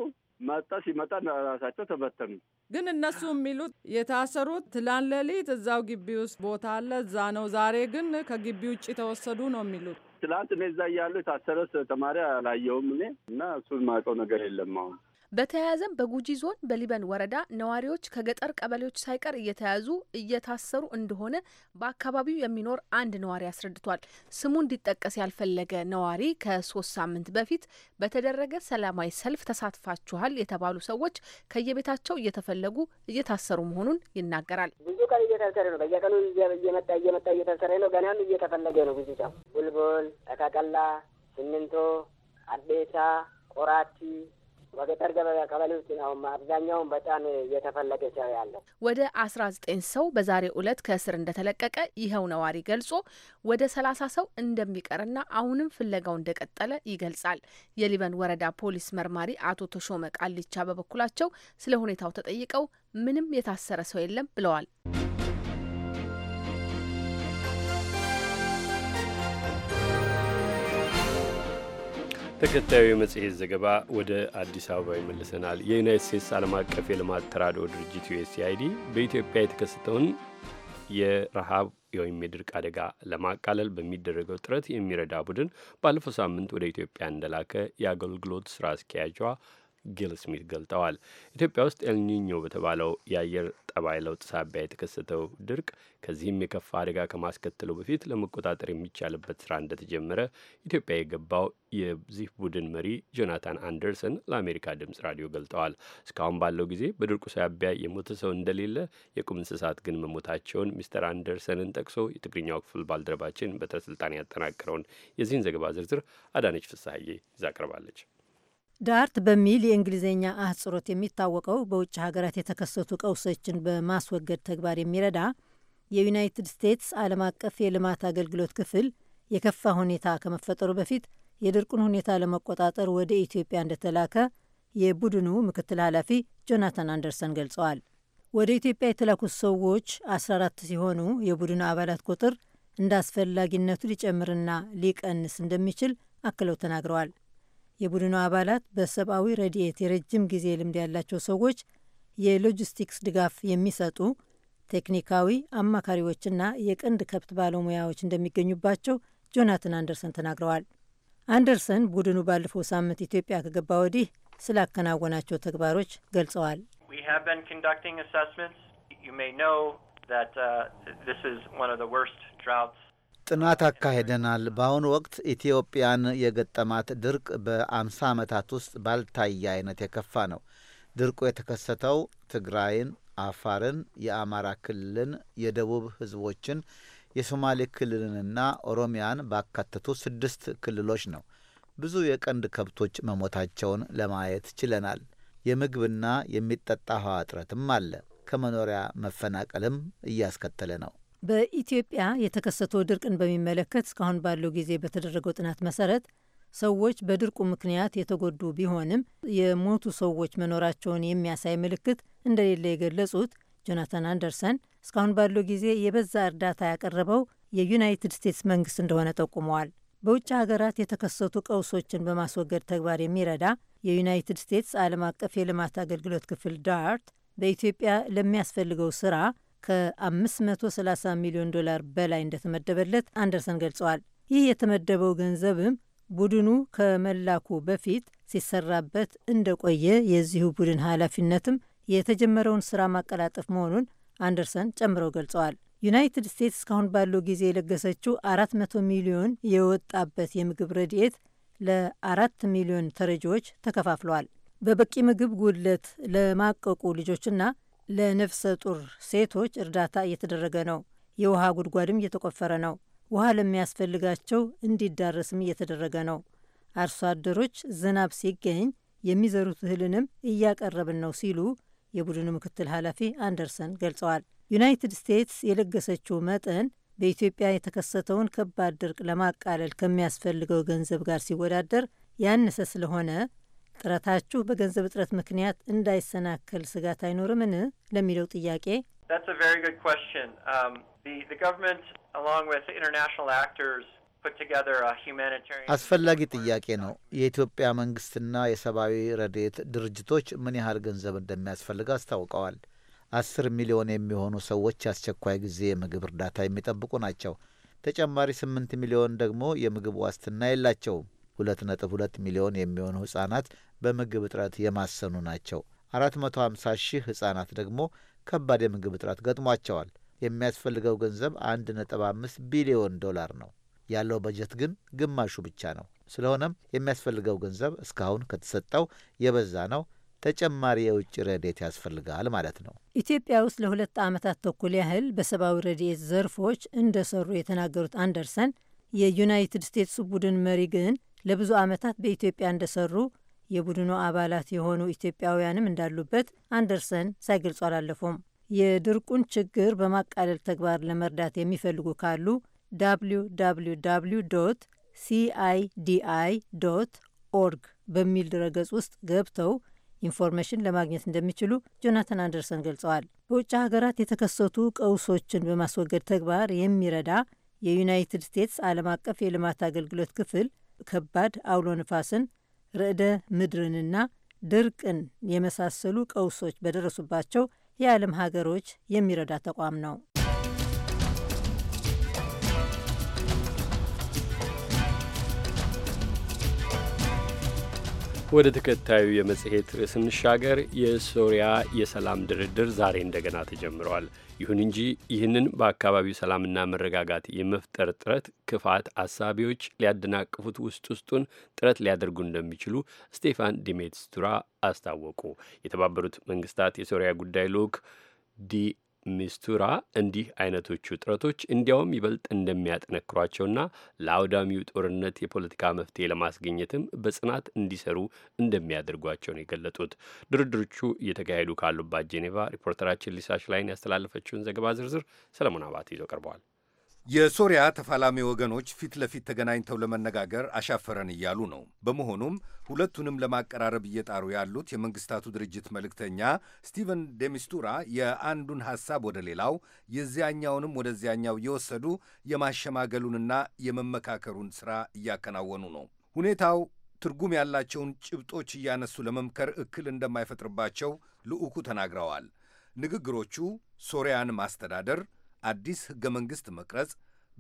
መጣ ሲመጣ ራሳቸው ተበተኑ። ግን እነሱ የሚሉት የታሰሩት ትላንት ሌሊት እዛው ግቢ ውስጥ ቦታ አለ፣ እዛ ነው። ዛሬ ግን ከግቢ ውጭ ተወሰዱ ነው የሚሉት። ትላንት እኔ እዛ እያሉ የታሰረ ተማሪ አላየውም እኔ እና እሱን ማውቀው ነገር የለም አሁን በተያያዘም በጉጂ ዞን በሊበን ወረዳ ነዋሪዎች ከገጠር ቀበሌዎች ሳይቀር እየተያዙ እየታሰሩ እንደሆነ በአካባቢው የሚኖር አንድ ነዋሪ አስረድቷል። ስሙ እንዲጠቀስ ያልፈለገ ነዋሪ ከሶስት ሳምንት በፊት በተደረገ ሰላማዊ ሰልፍ ተሳትፋችኋል የተባሉ ሰዎች ከየቤታቸው እየተፈለጉ እየታሰሩ መሆኑን ይናገራል። ብዙ ቀን እየታሰረ ነው። በየቀኑ እየመጣ እየመጣ እየታሰረ ነው። ገናም እየተፈለገ ነው። ብዙ ጫ ቡልቡል፣ ጠቃቀላ፣ ስሚንቶ፣ አዴታ፣ ቆራቲ በገጠር ገበያ ውስጥ አሁን አብዛኛውን በጣም እየተፈለገ ሰው ያለ ወደ አስራ ዘጠኝ ሰው በዛሬ ዕለት ከእስር እንደተለቀቀ ይኸው ነዋሪ ገልጾ ወደ ሰላሳ ሰው እንደሚቀርና አሁንም ፍለጋው እንደቀጠለ ይገልጻል። የሊበን ወረዳ ፖሊስ መርማሪ አቶ ተሾመ ቃሊቻ በበኩላቸው ስለ ሁኔታው ተጠይቀው ምንም የታሰረ ሰው የለም ብለዋል። ተከታዩ የመጽሔት ዘገባ ወደ አዲስ አበባ ይመልሰናል። የዩናይት ስቴትስ ዓለም አቀፍ የልማት ተራድኦ ድርጅት ዩኤስአይዲ በኢትዮጵያ የተከሰተውን የረሃብ ወይም የድርቅ አደጋ ለማቃለል በሚደረገው ጥረት የሚረዳ ቡድን ባለፈው ሳምንት ወደ ኢትዮጵያ እንደላከ የአገልግሎት ስራ አስኪያጇ ጊል ስሚት ገልጠዋል። ኢትዮጵያ ውስጥ ኤልኒኞ በተባለው የአየር ጠባይ ለውጥ ሳቢያ የተከሰተው ድርቅ ከዚህም የከፋ አደጋ ከማስከተሉ በፊት ለመቆጣጠር የሚቻልበት ስራ እንደተጀመረ ኢትዮጵያ የገባው የዚህ ቡድን መሪ ጆናታን አንደርሰን ለአሜሪካ ድምጽ ራዲዮ ገልጠዋል። እስካሁን ባለው ጊዜ በድርቁ ሳቢያ የሞተ ሰው እንደሌለ፣ የቁም እንስሳት ግን መሞታቸውን ሚስተር አንደርሰንን ጠቅሶ የትግርኛው ክፍል ባልደረባችን በትረ ስልጣን ያጠናቀረውን የዚህን ዘገባ ዝርዝር አዳነች ፍሳሀዬ ይዛ ቀርባለች። ዳርት በሚል የእንግሊዝኛ አህጽሮት የሚታወቀው በውጭ ሀገራት የተከሰቱ ቀውሶችን በማስወገድ ተግባር የሚረዳ የዩናይትድ ስቴትስ ዓለም አቀፍ የልማት አገልግሎት ክፍል የከፋ ሁኔታ ከመፈጠሩ በፊት የድርቁን ሁኔታ ለመቆጣጠር ወደ ኢትዮጵያ እንደተላከ የቡድኑ ምክትል ኃላፊ ጆናታን አንደርሰን ገልጸዋል። ወደ ኢትዮጵያ የተላኩት ሰዎች 14 ሲሆኑ የቡድኑ አባላት ቁጥር እንደ አስፈላጊነቱ ሊጨምርና ሊቀንስ እንደሚችል አክለው ተናግረዋል። የቡድኑ አባላት በሰብአዊ ረድኤት የረጅም ጊዜ ልምድ ያላቸው ሰዎች፣ የሎጂስቲክስ ድጋፍ የሚሰጡ ቴክኒካዊ አማካሪዎችና የቀንድ ከብት ባለሙያዎች እንደሚገኙባቸው ጆናታን አንደርሰን ተናግረዋል። አንደርሰን ቡድኑ ባለፈው ሳምንት ኢትዮጵያ ከገባ ወዲህ ስላከናወናቸው ተግባሮች ገልጸዋል። ጥናት አካሄደናል። በአሁኑ ወቅት ኢትዮጵያን የገጠማት ድርቅ በአምሳ ዓመታት ውስጥ ባልታየ አይነት የከፋ ነው። ድርቁ የተከሰተው ትግራይን፣ አፋርን፣ የአማራ ክልልን፣ የደቡብ ህዝቦችን የሶማሌ ክልልንና ኦሮሚያን ባካተቱ ስድስት ክልሎች ነው። ብዙ የቀንድ ከብቶች መሞታቸውን ለማየት ችለናል። የምግብና የሚጠጣ ውሃ እጥረትም አለ። ከመኖሪያ መፈናቀልም እያስከተለ ነው። በኢትዮጵያ የተከሰተው ድርቅን በሚመለከት እስካሁን ባለው ጊዜ በተደረገው ጥናት መሰረት ሰዎች በድርቁ ምክንያት የተጎዱ ቢሆንም የሞቱ ሰዎች መኖራቸውን የሚያሳይ ምልክት እንደሌለ የገለጹት ጆናታን አንደርሰን እስካሁን ባለው ጊዜ የበዛ እርዳታ ያቀረበው የዩናይትድ ስቴትስ መንግስት እንደሆነ ጠቁመዋል። በውጭ ሀገራት የተከሰቱ ቀውሶችን በማስወገድ ተግባር የሚረዳ የዩናይትድ ስቴትስ ዓለም አቀፍ የልማት አገልግሎት ክፍል ዳርት በኢትዮጵያ ለሚያስፈልገው ስራ ከ530 ሚሊዮን ዶላር በላይ እንደተመደበለት አንደርሰን ገልጸዋል። ይህ የተመደበው ገንዘብም ቡድኑ ከመላኩ በፊት ሲሰራበት እንደቆየ የዚሁ ቡድን ኃላፊነትም የተጀመረውን ስራ ማቀላጠፍ መሆኑን አንደርሰን ጨምረው ገልጸዋል። ዩናይትድ ስቴትስ እስካሁን ባለው ጊዜ የለገሰችው 400 ሚሊዮን የወጣበት የምግብ ረድኤት ለአራት ሚሊዮን ተረጂዎች ተከፋፍለዋል። በበቂ ምግብ ጉድለት ለማቀቁ ልጆችና ለነፍሰ ጡር ሴቶች እርዳታ እየተደረገ ነው። የውሃ ጉድጓድም እየተቆፈረ ነው። ውሃ ለሚያስፈልጋቸው እንዲዳረስም እየተደረገ ነው። አርሶ አደሮች ዝናብ ሲገኝ የሚዘሩት እህልንም እያቀረብን ነው ሲሉ የቡድኑ ምክትል ኃላፊ አንደርሰን ገልጸዋል። ዩናይትድ ስቴትስ የለገሰችው መጠን በኢትዮጵያ የተከሰተውን ከባድ ድርቅ ለማቃለል ከሚያስፈልገው ገንዘብ ጋር ሲወዳደር ያነሰ ስለሆነ ጥረታችሁ በገንዘብ እጥረት ምክንያት እንዳይሰናከል ስጋት አይኖርምን? ለሚለው ጥያቄ um, አስፈላጊ ጥያቄ ነው። የኢትዮጵያ መንግስትና የሰብአዊ ረድኤት ድርጅቶች ምን ያህል ገንዘብ እንደሚያስፈልግ አስታውቀዋል። አስር ሚሊዮን የሚሆኑ ሰዎች አስቸኳይ ጊዜ የምግብ እርዳታ የሚጠብቁ ናቸው። ተጨማሪ ስምንት ሚሊዮን ደግሞ የምግብ ዋስትና የላቸውም። 2.2 ሚሊዮን የሚሆኑ ሕጻናት በምግብ እጥረት የማሰኑ ናቸው። 450 ሺህ ሕጻናት ደግሞ ከባድ የምግብ እጥረት ገጥሟቸዋል። የሚያስፈልገው ገንዘብ 1.5 ቢሊዮን ዶላር ነው። ያለው በጀት ግን ግማሹ ብቻ ነው። ስለሆነም የሚያስፈልገው ገንዘብ እስካሁን ከተሰጠው የበዛ ነው። ተጨማሪ የውጭ ረድኤት ያስፈልጋል ማለት ነው። ኢትዮጵያ ውስጥ ለሁለት ዓመታት ተኩል ያህል በሰብአዊ ረድኤት ዘርፎች እንደሰሩ የተናገሩት አንደርሰን የዩናይትድ ስቴትስ ቡድን መሪ ግን ለብዙ ዓመታት በኢትዮጵያ እንደሰሩ የቡድኑ አባላት የሆኑ ኢትዮጵያውያንም እንዳሉበት አንደርሰን ሳይገልጹ አላለፉም። የድርቁን ችግር በማቃለል ተግባር ለመርዳት የሚፈልጉ ካሉ www ሲአይዲአይ ኦርግ በሚል ድረገጽ ውስጥ ገብተው ኢንፎርሜሽን ለማግኘት እንደሚችሉ ጆናታን አንደርሰን ገልጸዋል። በውጭ ሀገራት የተከሰቱ ቀውሶችን በማስወገድ ተግባር የሚረዳ የዩናይትድ ስቴትስ ዓለም አቀፍ የልማት አገልግሎት ክፍል ከባድ አውሎ ንፋስን፣ ርዕደ ምድርንና ድርቅን የመሳሰሉ ቀውሶች በደረሱባቸው የዓለም ሀገሮች የሚረዳ ተቋም ነው። ወደ ተከታዩ የመጽሔት ርዕስ እንሻገር። የሶሪያ የሰላም ድርድር ዛሬ እንደገና ተጀምረዋል። ይሁን እንጂ ይህንን በአካባቢው ሰላምና መረጋጋት የመፍጠር ጥረት ክፋት አሳቢዎች ሊያደናቅፉት ውስጥ ውስጡን ጥረት ሊያደርጉ እንደሚችሉ ስቴፋን ዲሜትስቱራ አስታወቁ። የተባበሩት መንግስታት የሶሪያ ጉዳይ ልዑክ ዲ ሚስቱራ እንዲህ አይነቶቹ ጥረቶች እንዲያውም ይበልጥ እንደሚያጠነክሯቸውና ለአውዳሚው ጦርነት የፖለቲካ መፍትሄ ለማስገኘትም በጽናት እንዲሰሩ እንደሚያደርጓቸው ነው የገለጡት። ድርድሮቹ እየተካሄዱ ካሉባት ጄኔቫ ሪፖርተራችን ሊሳሽ ላይን ያስተላለፈችውን ዘገባ ዝርዝር ሰለሞን አባት ይዞ ቀርበዋል። የሶሪያ ተፋላሚ ወገኖች ፊት ለፊት ተገናኝተው ለመነጋገር አሻፈረን እያሉ ነው። በመሆኑም ሁለቱንም ለማቀራረብ እየጣሩ ያሉት የመንግስታቱ ድርጅት መልእክተኛ ስቲቨን ደሚስቱራ የአንዱን ሐሳብ ወደ ሌላው የዚያኛውንም ወደዚያኛው እየወሰዱ የማሸማገሉንና የመመካከሩን ሥራ እያከናወኑ ነው። ሁኔታው ትርጉም ያላቸውን ጭብጦች እያነሱ ለመምከር እክል እንደማይፈጥርባቸው ልዑኩ ተናግረዋል። ንግግሮቹ ሶሪያን ማስተዳደር አዲስ ሕገ መንግሥት መቅረጽ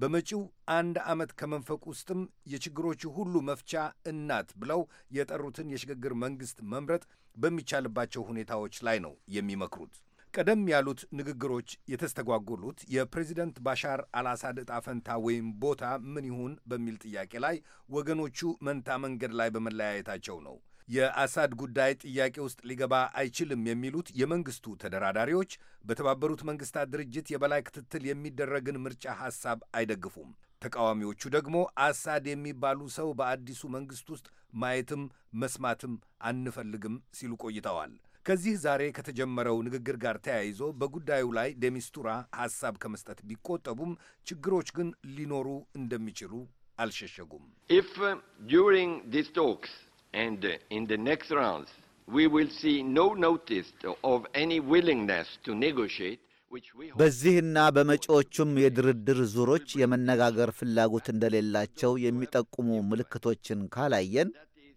በመጪው አንድ ዓመት ከመንፈቅ ውስጥም የችግሮቹ ሁሉ መፍቻ እናት ብለው የጠሩትን የሽግግር መንግሥት መምረጥ በሚቻልባቸው ሁኔታዎች ላይ ነው የሚመክሩት። ቀደም ያሉት ንግግሮች የተስተጓጎሉት የፕሬዚደንት ባሻር አልአሳድ ዕጣ ፈንታ ወይም ቦታ ምን ይሁን በሚል ጥያቄ ላይ ወገኖቹ መንታ መንገድ ላይ በመለያየታቸው ነው። የአሳድ ጉዳይ ጥያቄ ውስጥ ሊገባ አይችልም የሚሉት የመንግስቱ ተደራዳሪዎች በተባበሩት መንግስታት ድርጅት የበላይ ክትትል የሚደረግን ምርጫ ሐሳብ አይደግፉም። ተቃዋሚዎቹ ደግሞ አሳድ የሚባሉ ሰው በአዲሱ መንግስት ውስጥ ማየትም መስማትም አንፈልግም ሲሉ ቆይተዋል። ከዚህ ዛሬ ከተጀመረው ንግግር ጋር ተያይዞ በጉዳዩ ላይ ደሚስቱራ ሐሳብ ከመስጠት ቢቆጠቡም ችግሮች ግን ሊኖሩ እንደሚችሉ አልሸሸጉም። uh, and uh, in the next rounds, we will see no notice of any willingness to negotiate በዚህና በመጪዎቹም የድርድር ዙሮች የመነጋገር ፍላጎት እንደሌላቸው የሚጠቁሙ ምልክቶችን ካላየን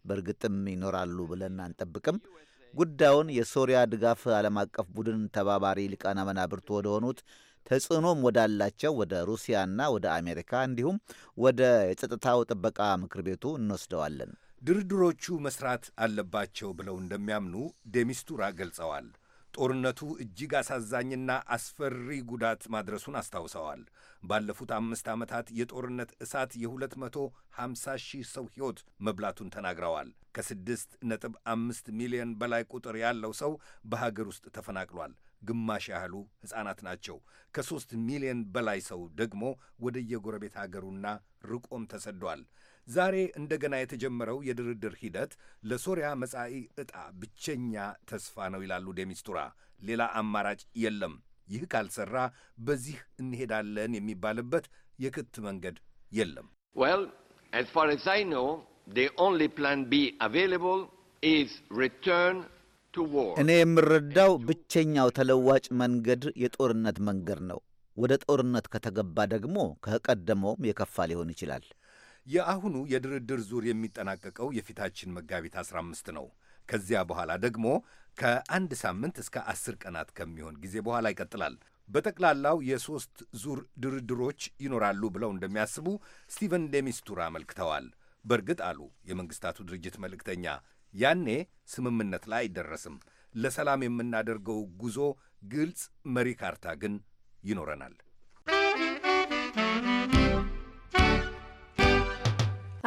በእርግጥም ይኖራሉ ብለን አንጠብቅም። ጉዳዩን የሶሪያ ድጋፍ ዓለም አቀፍ ቡድን ተባባሪ ሊቃነ መናብርት ወደ ሆኑት ተጽዕኖም ወዳላቸው ወደ ሩሲያና ወደ አሜሪካ እንዲሁም ወደ የጸጥታው ጥበቃ ምክር ቤቱ እንወስደዋለን። ድርድሮቹ መስራት አለባቸው ብለው እንደሚያምኑ ዴሚስቱራ ገልጸዋል። ጦርነቱ እጅግ አሳዛኝና አስፈሪ ጉዳት ማድረሱን አስታውሰዋል። ባለፉት አምስት ዓመታት የጦርነት እሳት የ250 ሺህ ሰው ሕይወት መብላቱን ተናግረዋል። ከስድስት ነጥብ 5 ሚሊዮን በላይ ቁጥር ያለው ሰው በሀገር ውስጥ ተፈናቅሏል። ግማሽ ያህሉ ሕፃናት ናቸው። ከ3 ሚሊዮን በላይ ሰው ደግሞ ወደ የጎረቤት አገሩና ርቆም ተሰዷል። ዛሬ እንደገና የተጀመረው የድርድር ሂደት ለሶሪያ መጻኢ ዕጣ ብቸኛ ተስፋ ነው ይላሉ ዴሚስቱራ። ሌላ አማራጭ የለም። ይህ ካልሰራ በዚህ እንሄዳለን የሚባልበት የክት መንገድ የለም። እኔ የምረዳው ብቸኛው ተለዋጭ መንገድ የጦርነት መንገድ ነው። ወደ ጦርነት ከተገባ ደግሞ ከቀደመውም የከፋ ሊሆን ይችላል። የአሁኑ የድርድር ዙር የሚጠናቀቀው የፊታችን መጋቢት 15 ነው። ከዚያ በኋላ ደግሞ ከአንድ ሳምንት እስከ አስር ቀናት ከሚሆን ጊዜ በኋላ ይቀጥላል። በጠቅላላው የሦስት ዙር ድርድሮች ይኖራሉ ብለው እንደሚያስቡ ስቲቨን ደሚስቱር አመልክተዋል። በእርግጥ አሉ የመንግስታቱ ድርጅት መልእክተኛ፣ ያኔ ስምምነት ላይ አይደረስም። ለሰላም የምናደርገው ጉዞ ግልጽ መሪ ካርታ ግን ይኖረናል።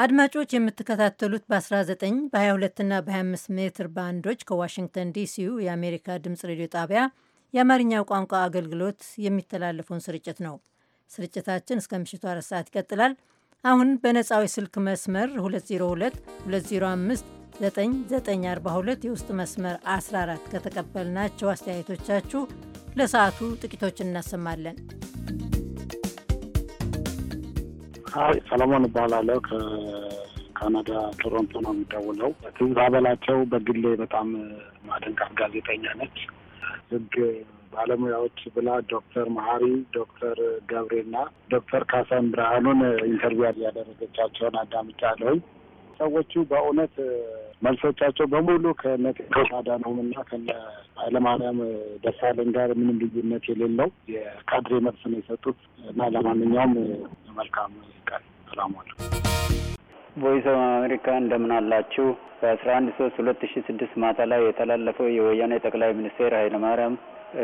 አድማጮች የምትከታተሉት በ19 በ22ና በ25 ሜትር ባንዶች ከዋሽንግተን ዲሲው የአሜሪካ ድምፅ ሬዲዮ ጣቢያ የአማርኛ ቋንቋ አገልግሎት የሚተላለፈውን ስርጭት ነው። ስርጭታችን እስከ ምሽቱ አራት ሰዓት ይቀጥላል። አሁን በነፃዊ ስልክ መስመር 2022059942 የውስጥ መስመር 14 ከተቀበልናቸው አስተያየቶቻችሁ ለሰዓቱ ጥቂቶችን እናሰማለን። አይ ሰለሞን እባላለሁ። ከካናዳ ቶሮንቶ ነው የሚደውለው። ትዝታ በላቸው በግሌ በጣም ማደንቃት ጋዜጠኛ ነች። ህግ ባለሙያዎች ብላ ዶክተር መሀሪ፣ ዶክተር ገብሬና ዶክተር ካሳን ብርሃኑን ኢንተርቪው ያደረገቻቸውን አዳምጫለሁኝ። ሰዎቹ በእውነት መልሶቻቸው በሙሉ ከነቴዎድሮስ አድሃኖም እና ከነ ኃይለማርያም ደሳለኝ ጋር ምንም ልዩነት የሌለው የካድሬ መልስ ነው የሰጡት እና ለማንኛውም መልካም ቀን ሰላም ቮይስ ኦፍ አሜሪካ እንደምን አላችሁ? በአስራ አንድ ሶስት ሁለት ሺ ስድስት ማታ ላይ የተላለፈው የወያኔ ጠቅላይ ሚኒስቴር ኃይለማርያም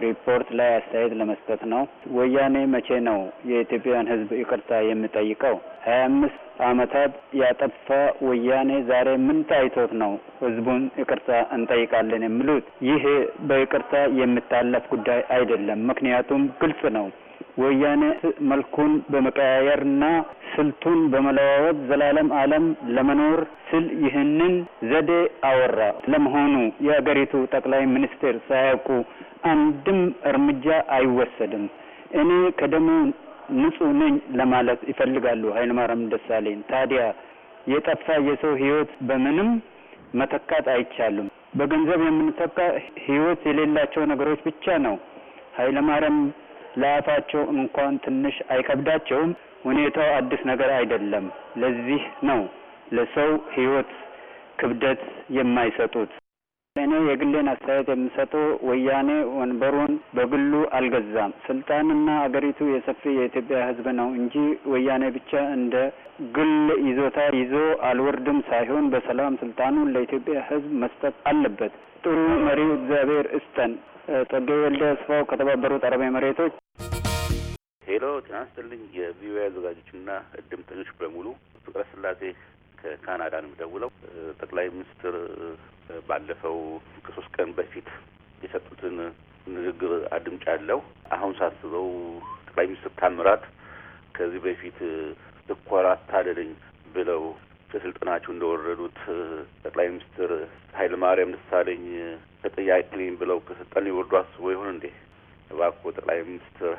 ሪፖርት ላይ አስተያየት ለመስጠት ነው። ወያኔ መቼ ነው የኢትዮጵያን ሕዝብ ይቅርታ የሚጠይቀው? ሀያ አምስት አመታት ያጠፋ ወያኔ ዛሬ ምን ታይቶት ነው ህዝቡን ይቅርታ እንጠይቃለን የሚሉት? ይህ በይቅርታ የሚታለፍ ጉዳይ አይደለም። ምክንያቱም ግልጽ ነው። ወያኔ መልኩን በመቀያየርና ስልቱን በመለዋወጥ ዘላለም ዓለም ለመኖር ስል ይህንን ዘዴ አወራ። ለመሆኑ የአገሪቱ ጠቅላይ ሚኒስትር ሳያውቁ አንድም እርምጃ አይወሰድም። እኔ ከደሞ ንጹሕ ነኝ ለማለት ይፈልጋሉ ኃይለማርያም ደሳለኝ። ታዲያ የጠፋ የሰው ህይወት በምንም መተካት አይቻልም። በገንዘብ የምንተካ ህይወት የሌላቸው ነገሮች ብቻ ነው ኃይለማርያም ለአፋቸው እንኳን ትንሽ አይከብዳቸውም። ሁኔታው አዲስ ነገር አይደለም። ለዚህ ነው ለሰው ህይወት ክብደት የማይሰጡት። እኔ የግሌን አስተያየት የምሰጠው ወያኔ ወንበሩን በግሉ አልገዛም። ስልጣንና አገሪቱ የሰፊ የኢትዮጵያ ህዝብ ነው እንጂ ወያኔ ብቻ እንደ ግል ይዞታ ይዞ አልወርድም ሳይሆን በሰላም ስልጣኑን ለኢትዮጵያ ህዝብ መስጠት አለበት። ጥሩ መሪው እግዚአብሔር እስተን ጸጌ ወልደ ስፋው ከተባበሩት አረብ ኤምሬቶች። ሄሎ ጤና ይስጥልኝ። የቪኦኤ አዘጋጆችና እድምተኞች በሙሉ ፍቅረ ስላሴ ከካናዳ ነው የምደውለው። ጠቅላይ ሚኒስትር ባለፈው ከሶስት ቀን በፊት የሰጡትን ንግግር አድምጫለሁ። አሁን ሳስበው ጠቅላይ ሚኒስትር ታምራት ከዚህ በፊት ትኮራ አታለለኝ ብለው ከስልጣናቸው እንደወረዱት ጠቅላይ ሚኒስትር ኃይለ ማርያም ደሳለኝ ተጠያቂ ነኝ ብለው ከስልጣን ሊወርዱ አስቦ ይሆን እንዴ? እባክዎ ጠቅላይ ሚኒስትር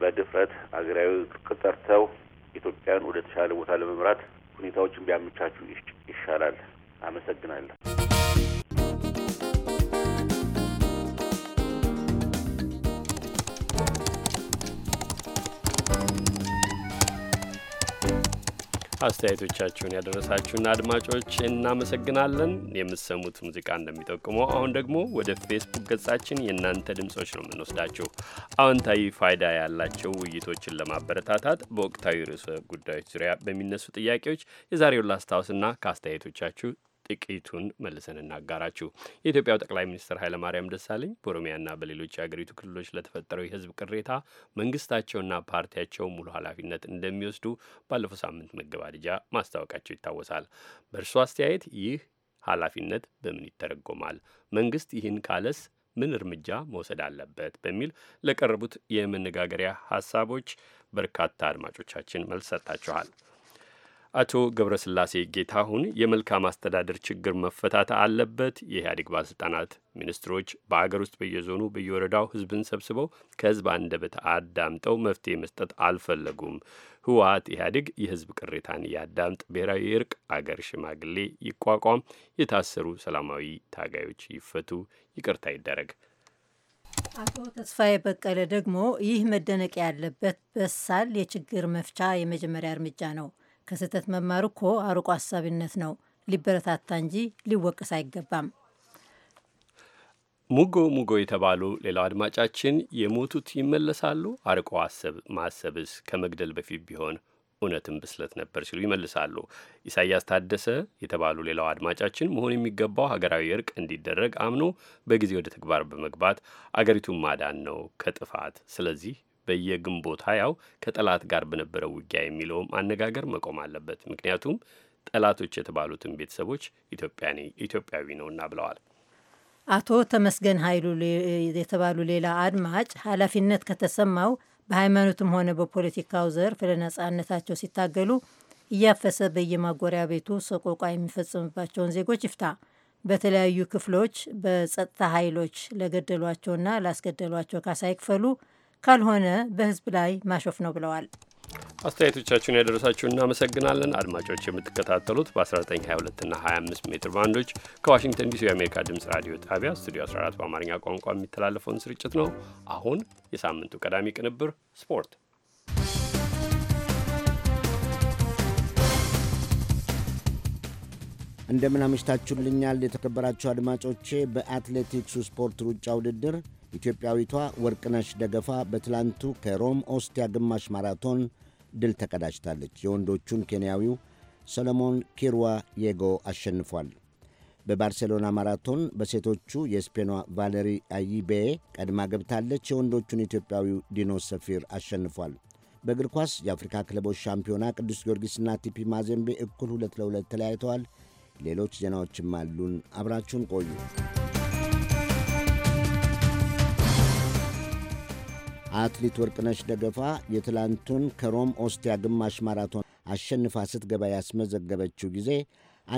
በድፍረት አገራዊ እርቅ ጠርተው ኢትዮጵያን ወደ ተሻለ ቦታ ለመምራት ሁኔታዎችን ቢያመቻቹ ይሻላል። አመሰግናለሁ። አስተያየቶቻችሁን ያደረሳችሁና አድማጮች እናመሰግናለን። የምትሰሙት ሙዚቃ እንደሚጠቁመው አሁን ደግሞ ወደ ፌስቡክ ገጻችን የእናንተ ድምጾች ነው የምንወስዳችሁ። አዎንታዊ ፋይዳ ያላቸው ውይይቶችን ለማበረታታት በወቅታዊ ርዕሰ ጉዳዮች ዙሪያ በሚነሱ ጥያቄዎች የዛሬውን ላስታውስና ከአስተያየቶቻችሁ ጥቂቱን መልሰን እናጋራችሁ። የኢትዮጵያው ጠቅላይ ሚኒስትር ኃይለማርያም ደሳለኝ በኦሮሚያና በሌሎች የአገሪቱ ክልሎች ለተፈጠረው የህዝብ ቅሬታ መንግስታቸውና ፓርቲያቸው ሙሉ ኃላፊነት እንደሚወስዱ ባለፈው ሳምንት መገባደጃ ማስታወቃቸው ይታወሳል። በእርሱ አስተያየት ይህ ኃላፊነት በምን ይተረጎማል? መንግስት ይህን ካለስ ምን እርምጃ መውሰድ አለበት? በሚል ለቀረቡት የመነጋገሪያ ሀሳቦች በርካታ አድማጮቻችን መልስ ሰጥታችኋል። አቶ ገብረስላሴ ጌታሁን የመልካም አስተዳደር ችግር መፈታት አለበት። የኢህአዴግ ባለስልጣናት፣ ሚኒስትሮች በአገር ውስጥ በየዞኑ በየወረዳው ህዝብን ሰብስበው ከህዝብ አንደበት አዳምጠው መፍትሄ መስጠት አልፈለጉም። ህወሓት ኢህአዴግ የህዝብ ቅሬታን ያዳምጥ፣ ብሔራዊ እርቅ፣ አገር ሽማግሌ ይቋቋም፣ የታሰሩ ሰላማዊ ታጋዮች ይፈቱ፣ ይቅርታ ይደረግ። አቶ ተስፋዬ በቀለ ደግሞ ይህ መደነቅ ያለበት በሳል የችግር መፍቻ የመጀመሪያ እርምጃ ነው ከስህተት መማር እኮ አርቆ አሳቢነት ነው። ሊበረታታ እንጂ ሊወቀስ አይገባም። ሙጎ ሙጎ የተባሉ ሌላው አድማጫችን የሞቱት ይመለሳሉ፣ አርቆ ማሰብስ ከመግደል በፊት ቢሆን እውነትም ብስለት ነበር ሲሉ ይመልሳሉ። ኢሳያስ ታደሰ የተባሉ ሌላው አድማጫችን መሆን የሚገባው ሀገራዊ እርቅ እንዲደረግ አምኖ በጊዜ ወደ ተግባር በመግባት አገሪቱን ማዳን ነው ከጥፋት። ስለዚህ በየግንቦት ሀያው ከጠላት ጋር በነበረው ውጊያ የሚለውም አነጋገር መቆም አለበት። ምክንያቱም ጠላቶች የተባሉትን ቤተሰቦች ኢትዮጵያዊ ነውና ብለዋል። አቶ ተመስገን ኃይሉ የተባሉ ሌላ አድማጭ ኃላፊነት ከተሰማው በሃይማኖትም ሆነ በፖለቲካው ዘርፍ ለነጻነታቸው ሲታገሉ እያፈሰ በየማጎሪያ ቤቱ ሰቆቋ የሚፈጽምባቸውን ዜጎች ይፍታ። በተለያዩ ክፍሎች በጸጥታ ኃይሎች ለገደሏቸውና ላስገደሏቸው ካሳ ይክፈሉ። ካልሆነ በህዝብ ላይ ማሾፍ ነው ብለዋል። አስተያየቶቻችሁን ያደረሳችሁ እናመሰግናለን። አድማጮች የምትከታተሉት በ1922 እና 25 ሜትር ባንዶች ከዋሽንግተን ዲሲ የአሜሪካ ድምፅ ራዲዮ ጣቢያ ስቱዲዮ 14 በአማርኛ ቋንቋ የሚተላለፈውን ስርጭት ነው። አሁን የሳምንቱ ቀዳሚ ቅንብር ስፖርት። እንደምን አመሽታችሁልኛል የተከበራችሁ አድማጮቼ። በአትሌቲክሱ ስፖርት ሩጫ ውድድር ኢትዮጵያዊቷ ወርቅነሽ ደገፋ በትላንቱ ከሮም ኦስቲያ ግማሽ ማራቶን ድል ተቀዳጅታለች። የወንዶቹን ኬንያዊው ሰለሞን ኪርዋ የጎ አሸንፏል። በባርሴሎና ማራቶን በሴቶቹ የስፔኗ ቫለሪ አይቤ ቀድማ ገብታለች። የወንዶቹን ኢትዮጵያዊው ዲኖ ሰፊር አሸንፏል። በእግር ኳስ የአፍሪካ ክለቦች ሻምፒዮና ቅዱስ ጊዮርጊስና ቲፒ ማዜምቤ እኩል ሁለት ለሁለት ተለያይተዋል። ሌሎች ዜናዎችም አሉን። አብራችሁን ቆዩ። አትሌት ወርቅነሽ ደገፋ የትላንቱን ከሮም ኦስቲያ ግማሽ ማራቶን አሸንፋ ስትገባ ያስመዘገበችው ጊዜ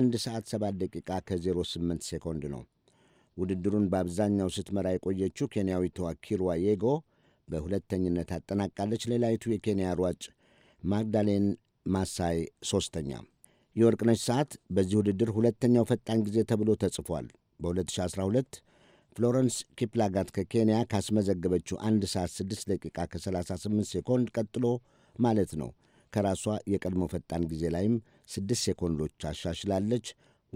1 ሰዓት 7 ደቂቃ ከ08 ሴኮንድ ነው። ውድድሩን በአብዛኛው ስትመራ የቆየችው ኬንያዊቷ ኪሩዋ የጎ በሁለተኝነት አጠናቃለች። ሌላይቱ የኬንያ ሯጭ ማግዳሌን ማሳይ ሦስተኛ። የወርቅነሽ ሰዓት በዚህ ውድድር ሁለተኛው ፈጣን ጊዜ ተብሎ ተጽፏል። በ2012 ፍሎረንስ ኪፕላጋት ከኬንያ ካስመዘገበችው 1 ሰዓት 6 ደቂቃ ከ38 ሴኮንድ ቀጥሎ ማለት ነው። ከራሷ የቀድሞ ፈጣን ጊዜ ላይም 6 ሴኮንዶች አሻሽላለች።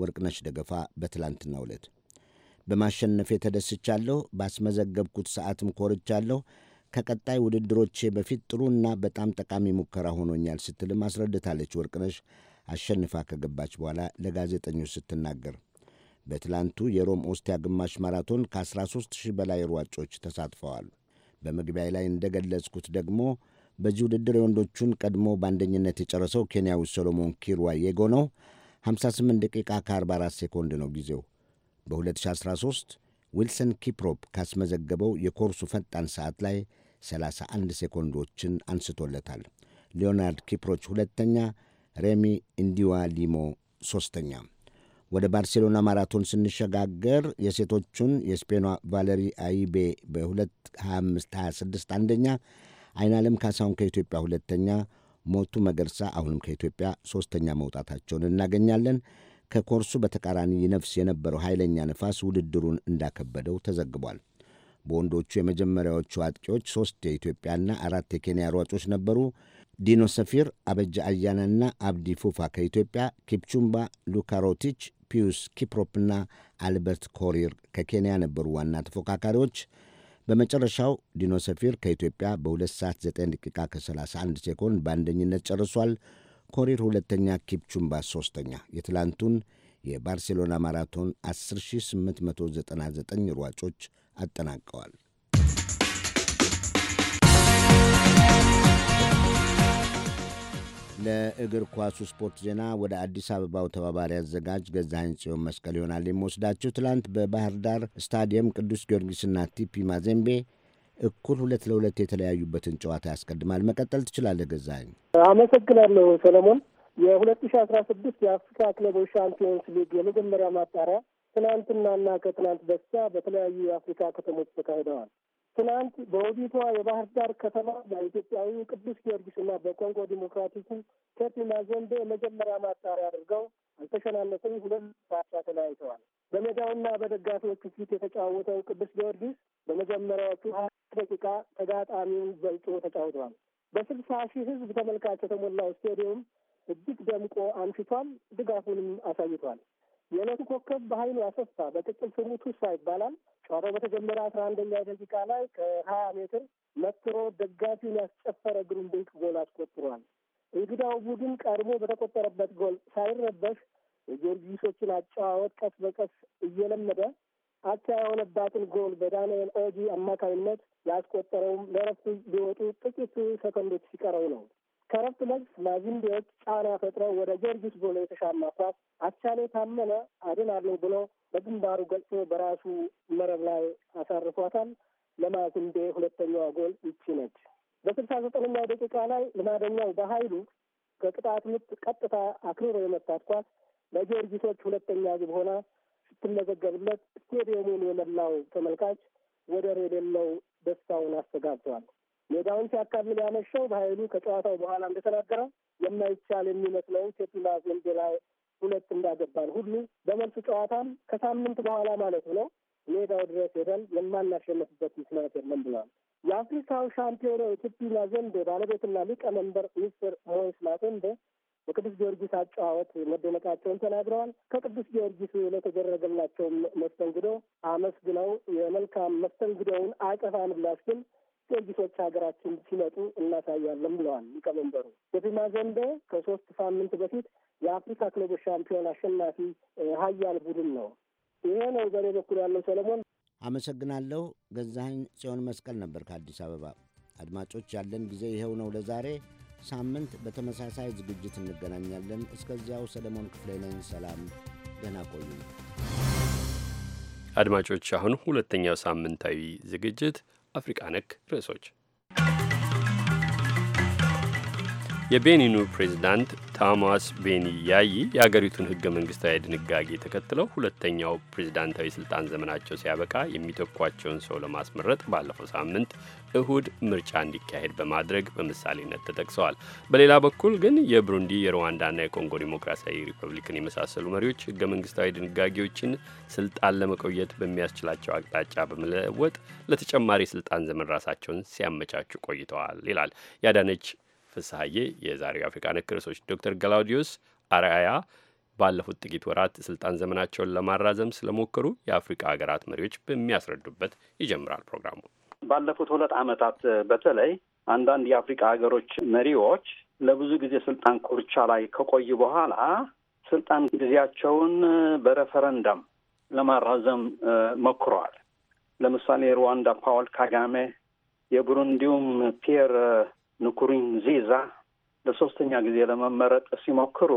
ወርቅነሽ ደገፋ በትላንትናው ዕለት በማሸነፌ ተደስቻለሁ፣ ባስመዘገብኩት ሰዓትም ኮርቻለሁ፣ ከቀጣይ ውድድሮቼ በፊት ጥሩና በጣም ጠቃሚ ሙከራ ሆኖኛል ስትልም አስረድታለች። ወርቅነሽ አሸንፋ ከገባች በኋላ ለጋዜጠኞች ስትናገር በትላንቱ የሮም ኦስቲያ ግማሽ ማራቶን ከ13,000 በላይ ሯጮች ተሳትፈዋል። በመግቢያ ላይ እንደገለጽኩት ደግሞ በዚህ ውድድር የወንዶቹን ቀድሞ በአንደኝነት የጨረሰው ኬንያዊ ሶሎሞን የጎ ነው። 58 ደቂቃ ከ44 ሴኮንድ ነው ጊዜው። በ2013 ዊልሰን ኪፕሮፕ ካስመዘገበው የኮርሱ ፈጣን ሰዓት ላይ 31 ሴኮንዶችን አንስቶለታል። ሊዮናርድ ኪፕሮች ሁለተኛ፣ ሬሚ እንዲዋ ሊሞ ሦስተኛ። ወደ ባርሴሎና ማራቶን ስንሸጋገር የሴቶቹን የስፔኗ ቫለሪ አይቤ በ 2526 አንደኛ፣ አይናለም ካሳሁን ከኢትዮጵያ ሁለተኛ፣ ሞቱ መገርሳ አሁንም ከኢትዮጵያ ሦስተኛ መውጣታቸውን እናገኛለን። ከኮርሱ በተቃራኒ ይነፍስ የነበረው ኃይለኛ ነፋስ ውድድሩን እንዳከበደው ተዘግቧል። በወንዶቹ የመጀመሪያዎቹ አጥቂዎች ሦስት የኢትዮጵያና አራት የኬንያ ሯጮች ነበሩ። ዲኖ ሰፊር፣ አበጃ አያናና አብዲ ፉፋ ከኢትዮጵያ፣ ኪፕቹምባ ሉካሮቲች ፒዩስ ኪፕሮፕና አልበርት ኮሪር ከኬንያ ነበሩ ዋና ተፎካካሪዎች። በመጨረሻው ዲኖ ሰፊር ከኢትዮጵያ በ2 ሰዓት 9 ደቂቃ ከ31 ሴኮንድ በአንደኝነት ጨርሷል። ኮሪር ሁለተኛ፣ ኪፕቹምባ ሦስተኛ። የትላንቱን የባርሴሎና ማራቶን 10899 ሯጮች አጠናቀዋል። ለእግር ኳሱ ስፖርት ዜና ወደ አዲስ አበባው ተባባሪ አዘጋጅ ገዛኸኝ ጽዮን መስቀል ይሆናል የምወስዳችሁ። ትላንት በባህር ዳር ስታዲየም ቅዱስ ጊዮርጊስና ቲፒ ማዜምቤ እኩል ሁለት ለሁለት የተለያዩበትን ጨዋታ ያስቀድማል። መቀጠል ትችላለህ ገዛኸኝ። አመሰግናለሁ ሰለሞን። የሁለት ሺ አስራ ስድስት የአፍሪካ ክለቦች ሻምፒዮንስ ሊግ የመጀመሪያ ማጣሪያ ትናንትናና ከትናንት በስቲያ በተለያዩ የአፍሪካ ከተሞች ተካሂደዋል። ትናንት በውቢቷ የባህር ዳር ከተማ በኢትዮጵያዊ ቅዱስ ጊዮርጊስና በኮንጎ ዲሞክራቲኩ ኬፕ ማዜምቤ የመጀመሪያ ማጣሪያ አድርገው አልተሸናነፉም። ሁለት ባቻ ተለያይተዋል። በሜዳውና በደጋፊዎቹ ፊት የተጫወተው ቅዱስ ጊዮርጊስ በመጀመሪያዎቹ ሀያ ደቂቃ ተጋጣሚውን በልጦ ተጫውተዋል። በስልሳ ሺህ ሕዝብ ተመልካች የተሞላው ስቴዲየም እጅግ ደምቆ አምሽቷል። ድጋፉንም አሳይቷል። የዕለቱ ኮከብ በኃይሉ አሰፋ በቅጽል ስሙ ቱሳ ይባላል። ጨዋታው በተጀመረ አስራ አንደኛ ደቂቃ ላይ ከሀያ ሜትር መትሮ ደጋፊውን ያስጨፈረ ግሩም ድንቅ ጎል አስቆጥሯል። እንግዳው ቡድን ቀድሞ በተቆጠረበት ጎል ሳይረበሽ የጊዮርጊሶችን አጨዋወት ቀስ በቀስ እየለመደ አቻ የሆነባትን ጎል በዳንኤል ኦጂ አማካኝነት ያስቆጠረውም ለረፍት ሊወጡ ጥቂት ሰከንዶች ሲቀረው ነው። ከረፍት መልስ ማዙንዴዎች ጫና ፈጥረው ወደ ጊዮርጊስ ጎል የተሻማ ኳስ አቻኔ ታመነ አድናለሁ ብሎ በግንባሩ ገልጾ በራሱ መረብ ላይ አሳርፏታል። ለማዙንዴ ሁለተኛዋ ጎል ይቺ ነች። በስልሳ ዘጠነኛው ደቂቃ ላይ ልማደኛው በኃይሉ ከቅጣት ምት ቀጥታ አክርሮ የመታት ኳስ ለጊዮርጊሶች ሁለተኛ ግብ ሆና ስትመዘገብለት ስቴዲየሙን የመላው ተመልካች ወደር የሌለው ደስታውን አስተጋብተዋል። ሜዳውን ሲያካብል ያመሸው በኃይሉ ከጨዋታው በኋላ እንደተናገረው የማይቻል የሚመስለው ቴፒላስ ላይ ሁለት እንዳገባን ሁሉ በመልሱ ጨዋታም ከሳምንት በኋላ ማለት ነው ሜዳው ድረስ ሄደን የማናሸነፍበት ምክንያት የለም ብለዋል። የአፍሪካው ሻምፒዮና ኢትዮጵያ ላዘንዴ ባለቤትና ሊቀመንበር ሚስተር ሞይስ ማቴንዴ በቅዱስ ጊዮርጊስ አጨዋወት መደነቃቸውን ተናግረዋል። ከቅዱስ ጊዮርጊስ ለተደረገላቸው መስተንግዶ አመስግነው የመልካም መስተንግዶውን አጸፋ ምላሽ ግን ድርጅቶች ሀገራችን ሲመጡ እናሳያለን ብለዋል ሊቀመንበሩ። የፊማ ዘንበ ከሶስት ሳምንት በፊት የአፍሪካ ክለቦች ሻምፒዮን አሸናፊ ሀያል ቡድን ነው። ይሄ ነው በእኔ በኩል ያለው። ሰለሞን አመሰግናለሁ። ገዛኸኝ ጽዮን መስቀል ነበር ከአዲስ አበባ። አድማጮች ያለን ጊዜ ይኸው ነው ለዛሬ። ሳምንት በተመሳሳይ ዝግጅት እንገናኛለን። እስከዚያው ሰለሞን ክፍሌ ነኝ። ሰላም፣ ደህና ቆዩ። አድማጮች አሁን ሁለተኛው ሳምንታዊ ዝግጅት አፍሪቃ ነክ ርዕሶች የቤኒኑ ፕሬዚዳንት ታማስ ቤኒ ያይ የአገሪቱን ህገ መንግስታዊ ድንጋጌ ተከትለው ሁለተኛው ፕሬዝዳንታዊ ስልጣን ዘመናቸው ሲያበቃ የሚተኳቸውን ሰው ለማስመረጥ ባለፈው ሳምንት እሁድ ምርጫ እንዲካሄድ በማድረግ በምሳሌነት ተጠቅሰዋል። በሌላ በኩል ግን የብሩንዲ የሩዋንዳና የኮንጎ ዲሞክራሲያዊ ሪፐብሊክን የመሳሰሉ መሪዎች ህገ መንግስታዊ ድንጋጌዎችን ስልጣን ለመቆየት በሚያስችላቸው አቅጣጫ በመለወጥ ለተጨማሪ ስልጣን ዘመን ራሳቸውን ሲያመቻቹ ቆይተዋል ይላል ያዳነች ፍስሀዬ፣ የዛሬው የአፍሪካ ነክ ርዕሶች ዶክተር ገላውዲዮስ አርአያ ባለፉት ጥቂት ወራት ስልጣን ዘመናቸውን ለማራዘም ስለሞከሩ የአፍሪካ ሀገራት መሪዎች በሚያስረዱበት ይጀምራል ፕሮግራሙ። ባለፉት ሁለት ዓመታት በተለይ አንዳንድ የአፍሪካ ሀገሮች መሪዎች ለብዙ ጊዜ ስልጣን ኩርቻ ላይ ከቆዩ በኋላ ስልጣን ጊዜያቸውን በሬፈረንደም ለማራዘም ሞክረዋል። ለምሳሌ ሩዋንዳ ፓውል ካጋሜ፣ የቡሩንዲውም ፒየር ንኩሩንዚዛ ለሶስተኛ ጊዜ ለመመረጥ ሲሞክሩ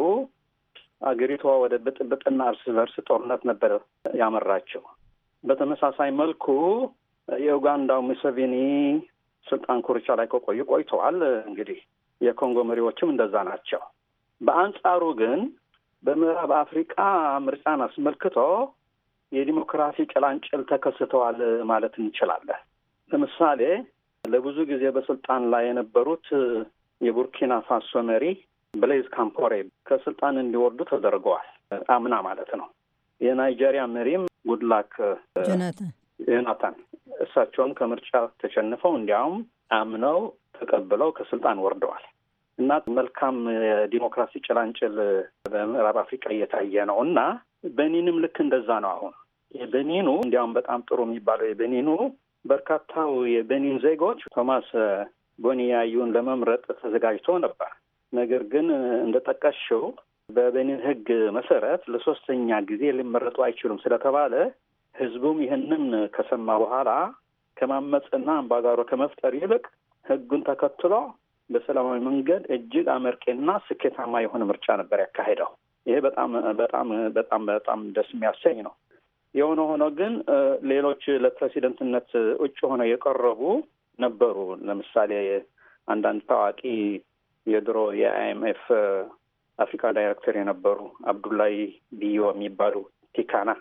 አገሪቷ ወደ ብጥብጥና እርስ በርስ ጦርነት ነበር ያመራቸው። በተመሳሳይ መልኩ የኡጋንዳው ሙሴቪኒ ስልጣን ኮርቻ ላይ ከቆዩ ቆይተዋል። እንግዲህ የኮንጎ መሪዎችም እንደዛ ናቸው። በአንጻሩ ግን በምዕራብ አፍሪቃ ምርጫን አስመልክቶ የዲሞክራሲ ጭላንጭል ተከስተዋል ማለት እንችላለን። ለምሳሌ ለብዙ ጊዜ በስልጣን ላይ የነበሩት የቡርኪና ፋሶ መሪ ብሌዝ ካምፖሬ ከስልጣን እንዲወርዱ ተደርገዋል። አምና ማለት ነው። የናይጄሪያ መሪም ጉድላክ ዮናታን እሳቸውም ከምርጫ ተሸንፈው እንዲያውም አምነው ተቀብለው ከስልጣን ወርደዋል እና መልካም የዲሞክራሲ ጭላንጭል በምዕራብ አፍሪካ እየታየ ነው እና በኒንም ልክ እንደዛ ነው። አሁን የበኒኑ እንዲያውም በጣም ጥሩ የሚባለው የበኒኑ በርካታው የቤኒን ዜጎች ቶማስ ቦኒያዩን ለመምረጥ ተዘጋጅቶ ነበር። ነገር ግን እንደጠቀሽው በቤኒን ሕግ መሰረት ለሶስተኛ ጊዜ ሊመረጡ አይችሉም ስለተባለ ህዝቡም ይህንን ከሰማ በኋላ ከማመፅና አምባጓሮ ከመፍጠር ይልቅ ህጉን ተከትሎ በሰላማዊ መንገድ እጅግ አመርቄና ስኬታማ የሆነ ምርጫ ነበር ያካሄደው። ይሄ በጣም በጣም በጣም በጣም ደስ የሚያሰኝ ነው። የሆነ ሆኖ ግን ሌሎች ለፕሬዚደንትነት እጩ ሆነው የቀረቡ ነበሩ። ለምሳሌ አንዳንድ ታዋቂ የድሮ የአይኤምኤፍ አፍሪካ ዳይሬክተር የነበሩ አብዱላይ ቢዮ የሚባሉ ቲካና፣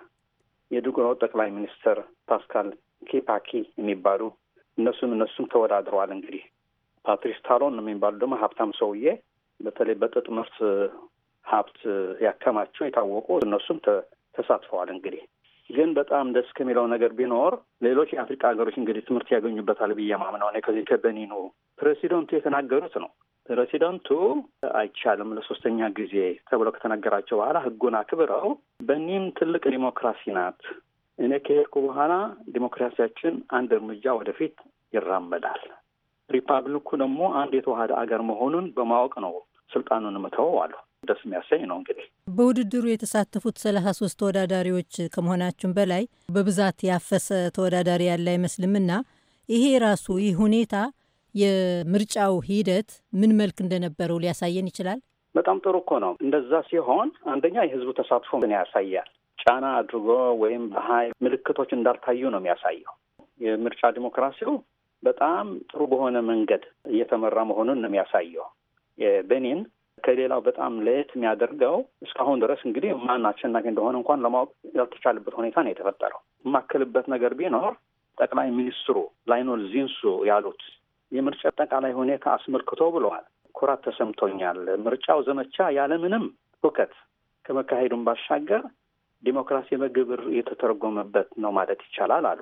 የድሮ ጠቅላይ ሚኒስትር ፓስካል ኪፓኪ የሚባሉ እነሱም እነሱም ተወዳድረዋል። እንግዲህ ፓትሪስ ታሎን የሚባሉ ደግሞ ሀብታም ሰውዬ በተለይ በጥጥ ምርት ሀብት ያከማቸው የታወቁ እነሱም ተሳትፈዋል። እንግዲህ ግን በጣም ደስ ከሚለው ነገር ቢኖር ሌሎች የአፍሪቃ ሀገሮች እንግዲህ ትምህርት ያገኙበታል ብዬ ማምነው እኔ ከዚህ ከበኒኑ ፕሬሲደንቱ የተናገሩት ነው። ፕሬሲደንቱ አይቻልም ለሶስተኛ ጊዜ ተብሎ ከተነገራቸው በኋላ ህጉን አክብረው በኒም ትልቅ ዲሞክራሲ ናት። እኔ ከሄድኩ በኋላ ዲሞክራሲያችን አንድ እርምጃ ወደፊት ይራመዳል። ሪፓብሊኩ ደግሞ አንድ የተዋሃደ አገር መሆኑን በማወቅ ነው ስልጣኑን ምተው አሉ። ደስ የሚያሰኝ ነው። እንግዲህ በውድድሩ የተሳተፉት ሰላሳ ሶስት ተወዳዳሪዎች ከመሆናችን በላይ በብዛት ያፈሰ ተወዳዳሪ ያለ አይመስልምና ይሄ ራሱ ይህ ሁኔታ የምርጫው ሂደት ምን መልክ እንደነበረው ሊያሳየን ይችላል። በጣም ጥሩ እኮ ነው። እንደዛ ሲሆን አንደኛ የህዝቡ ተሳትፎ ምን ያሳያል? ጫና አድርጎ ወይም በሀይል ምልክቶች እንዳልታዩ ነው የሚያሳየው። የምርጫ ዲሞክራሲው በጣም ጥሩ በሆነ መንገድ እየተመራ መሆኑን ነው የሚያሳየው። የቤኒን ከሌላው በጣም ለየት የሚያደርገው እስካሁን ድረስ እንግዲህ ማን አሸናፊ እንደሆነ እንኳን ለማወቅ ያልተቻለበት ሁኔታ ነው የተፈጠረው። የማክልበት ነገር ቢኖር ጠቅላይ ሚኒስትሩ ላይኖል ዚንሱ ያሉት የምርጫ አጠቃላይ ሁኔታ አስመልክቶ ብለዋል። ኩራት ተሰምቶኛል። ምርጫው ዘመቻ ያለምንም ሁከት ከመካሄዱን ባሻገር ዲሞክራሲ በግብር የተተረጎመበት ነው ማለት ይቻላል አሉ።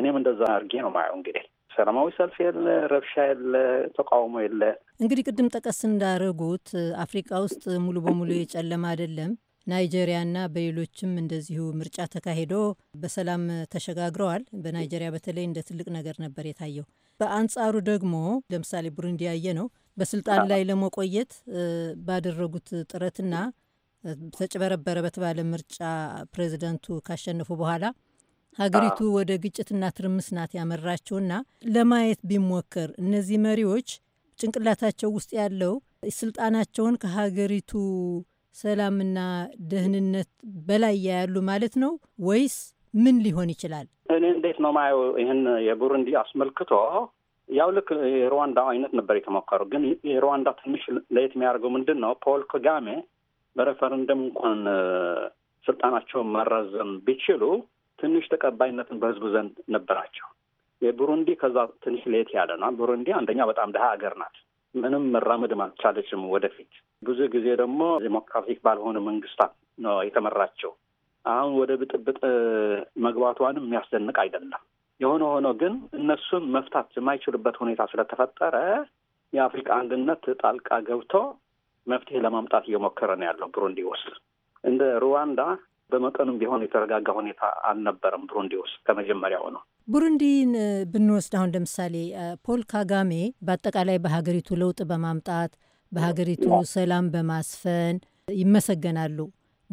እኔም እንደዛ አድርጌ ነው ማየው እንግዲህ ሰላማዊ ሰልፍ የለ፣ ረብሻ የለ፣ ተቃውሞ የለ። እንግዲህ ቅድም ጠቀስ እንዳረጉት አፍሪቃ ውስጥ ሙሉ በሙሉ የጨለማ አይደለም። ናይጄሪያና በሌሎችም እንደዚሁ ምርጫ ተካሂዶ በሰላም ተሸጋግረዋል። በናይጄሪያ በተለይ እንደ ትልቅ ነገር ነበር የታየው። በአንጻሩ ደግሞ ለምሳሌ ቡሩንዲ ያየ ነው በስልጣን ላይ ለመቆየት ባደረጉት ጥረትና ተጭበረበረ በተባለ ምርጫ ፕሬዚደንቱ ካሸነፉ በኋላ ሀገሪቱ ወደ ግጭትና ትርምስ ናት ያመራችውና ለማየት ቢሞከር እነዚህ መሪዎች ጭንቅላታቸው ውስጥ ያለው ስልጣናቸውን ከሀገሪቱ ሰላምና ደህንነት በላይ ያያሉ ማለት ነው ወይስ ምን ሊሆን ይችላል? እኔ እንዴት ነው ማየው ይህን የቡሩንዲ አስመልክቶ ያው ልክ የሩዋንዳ አይነት ነበር የተሞከረው። ግን የሩዋንዳ ትንሽ ለየት የሚያደርገው ምንድን ነው? ፖል ከጋሜ በሬፈረንደም እንኳን ስልጣናቸውን መራዘም ቢችሉ ትንሽ ተቀባይነትን በህዝቡ ዘንድ ነበራቸው። የቡሩንዲ ከዛ ትንሽ ለየት ያለ ነው። ቡሩንዲ አንደኛ በጣም ድሀ ሀገር ናት። ምንም መራመድም አልቻለችም ወደፊት። ብዙ ጊዜ ደግሞ ዴሞክራቲክ ባልሆነ መንግስታት ነው የተመራቸው። አሁን ወደ ብጥብጥ መግባቷንም የሚያስደንቅ አይደለም። የሆነ ሆኖ ግን እነሱም መፍታት የማይችሉበት ሁኔታ ስለተፈጠረ የአፍሪካ አንድነት ጣልቃ ገብቶ መፍትሄ ለማምጣት እየሞከረ ነው ያለው ብሩንዲ ውስጥ። እንደ ሩዋንዳ በመጠኑም ቢሆን የተረጋጋ ሁኔታ አልነበረም ብሩንዲ ውስጥ ከመጀመሪያው ነው። ቡሩንዲን ብንወስድ አሁን ለምሳሌ ፖል ካጋሜ በአጠቃላይ በሀገሪቱ ለውጥ በማምጣት በሀገሪቱ ሰላም በማስፈን ይመሰገናሉ።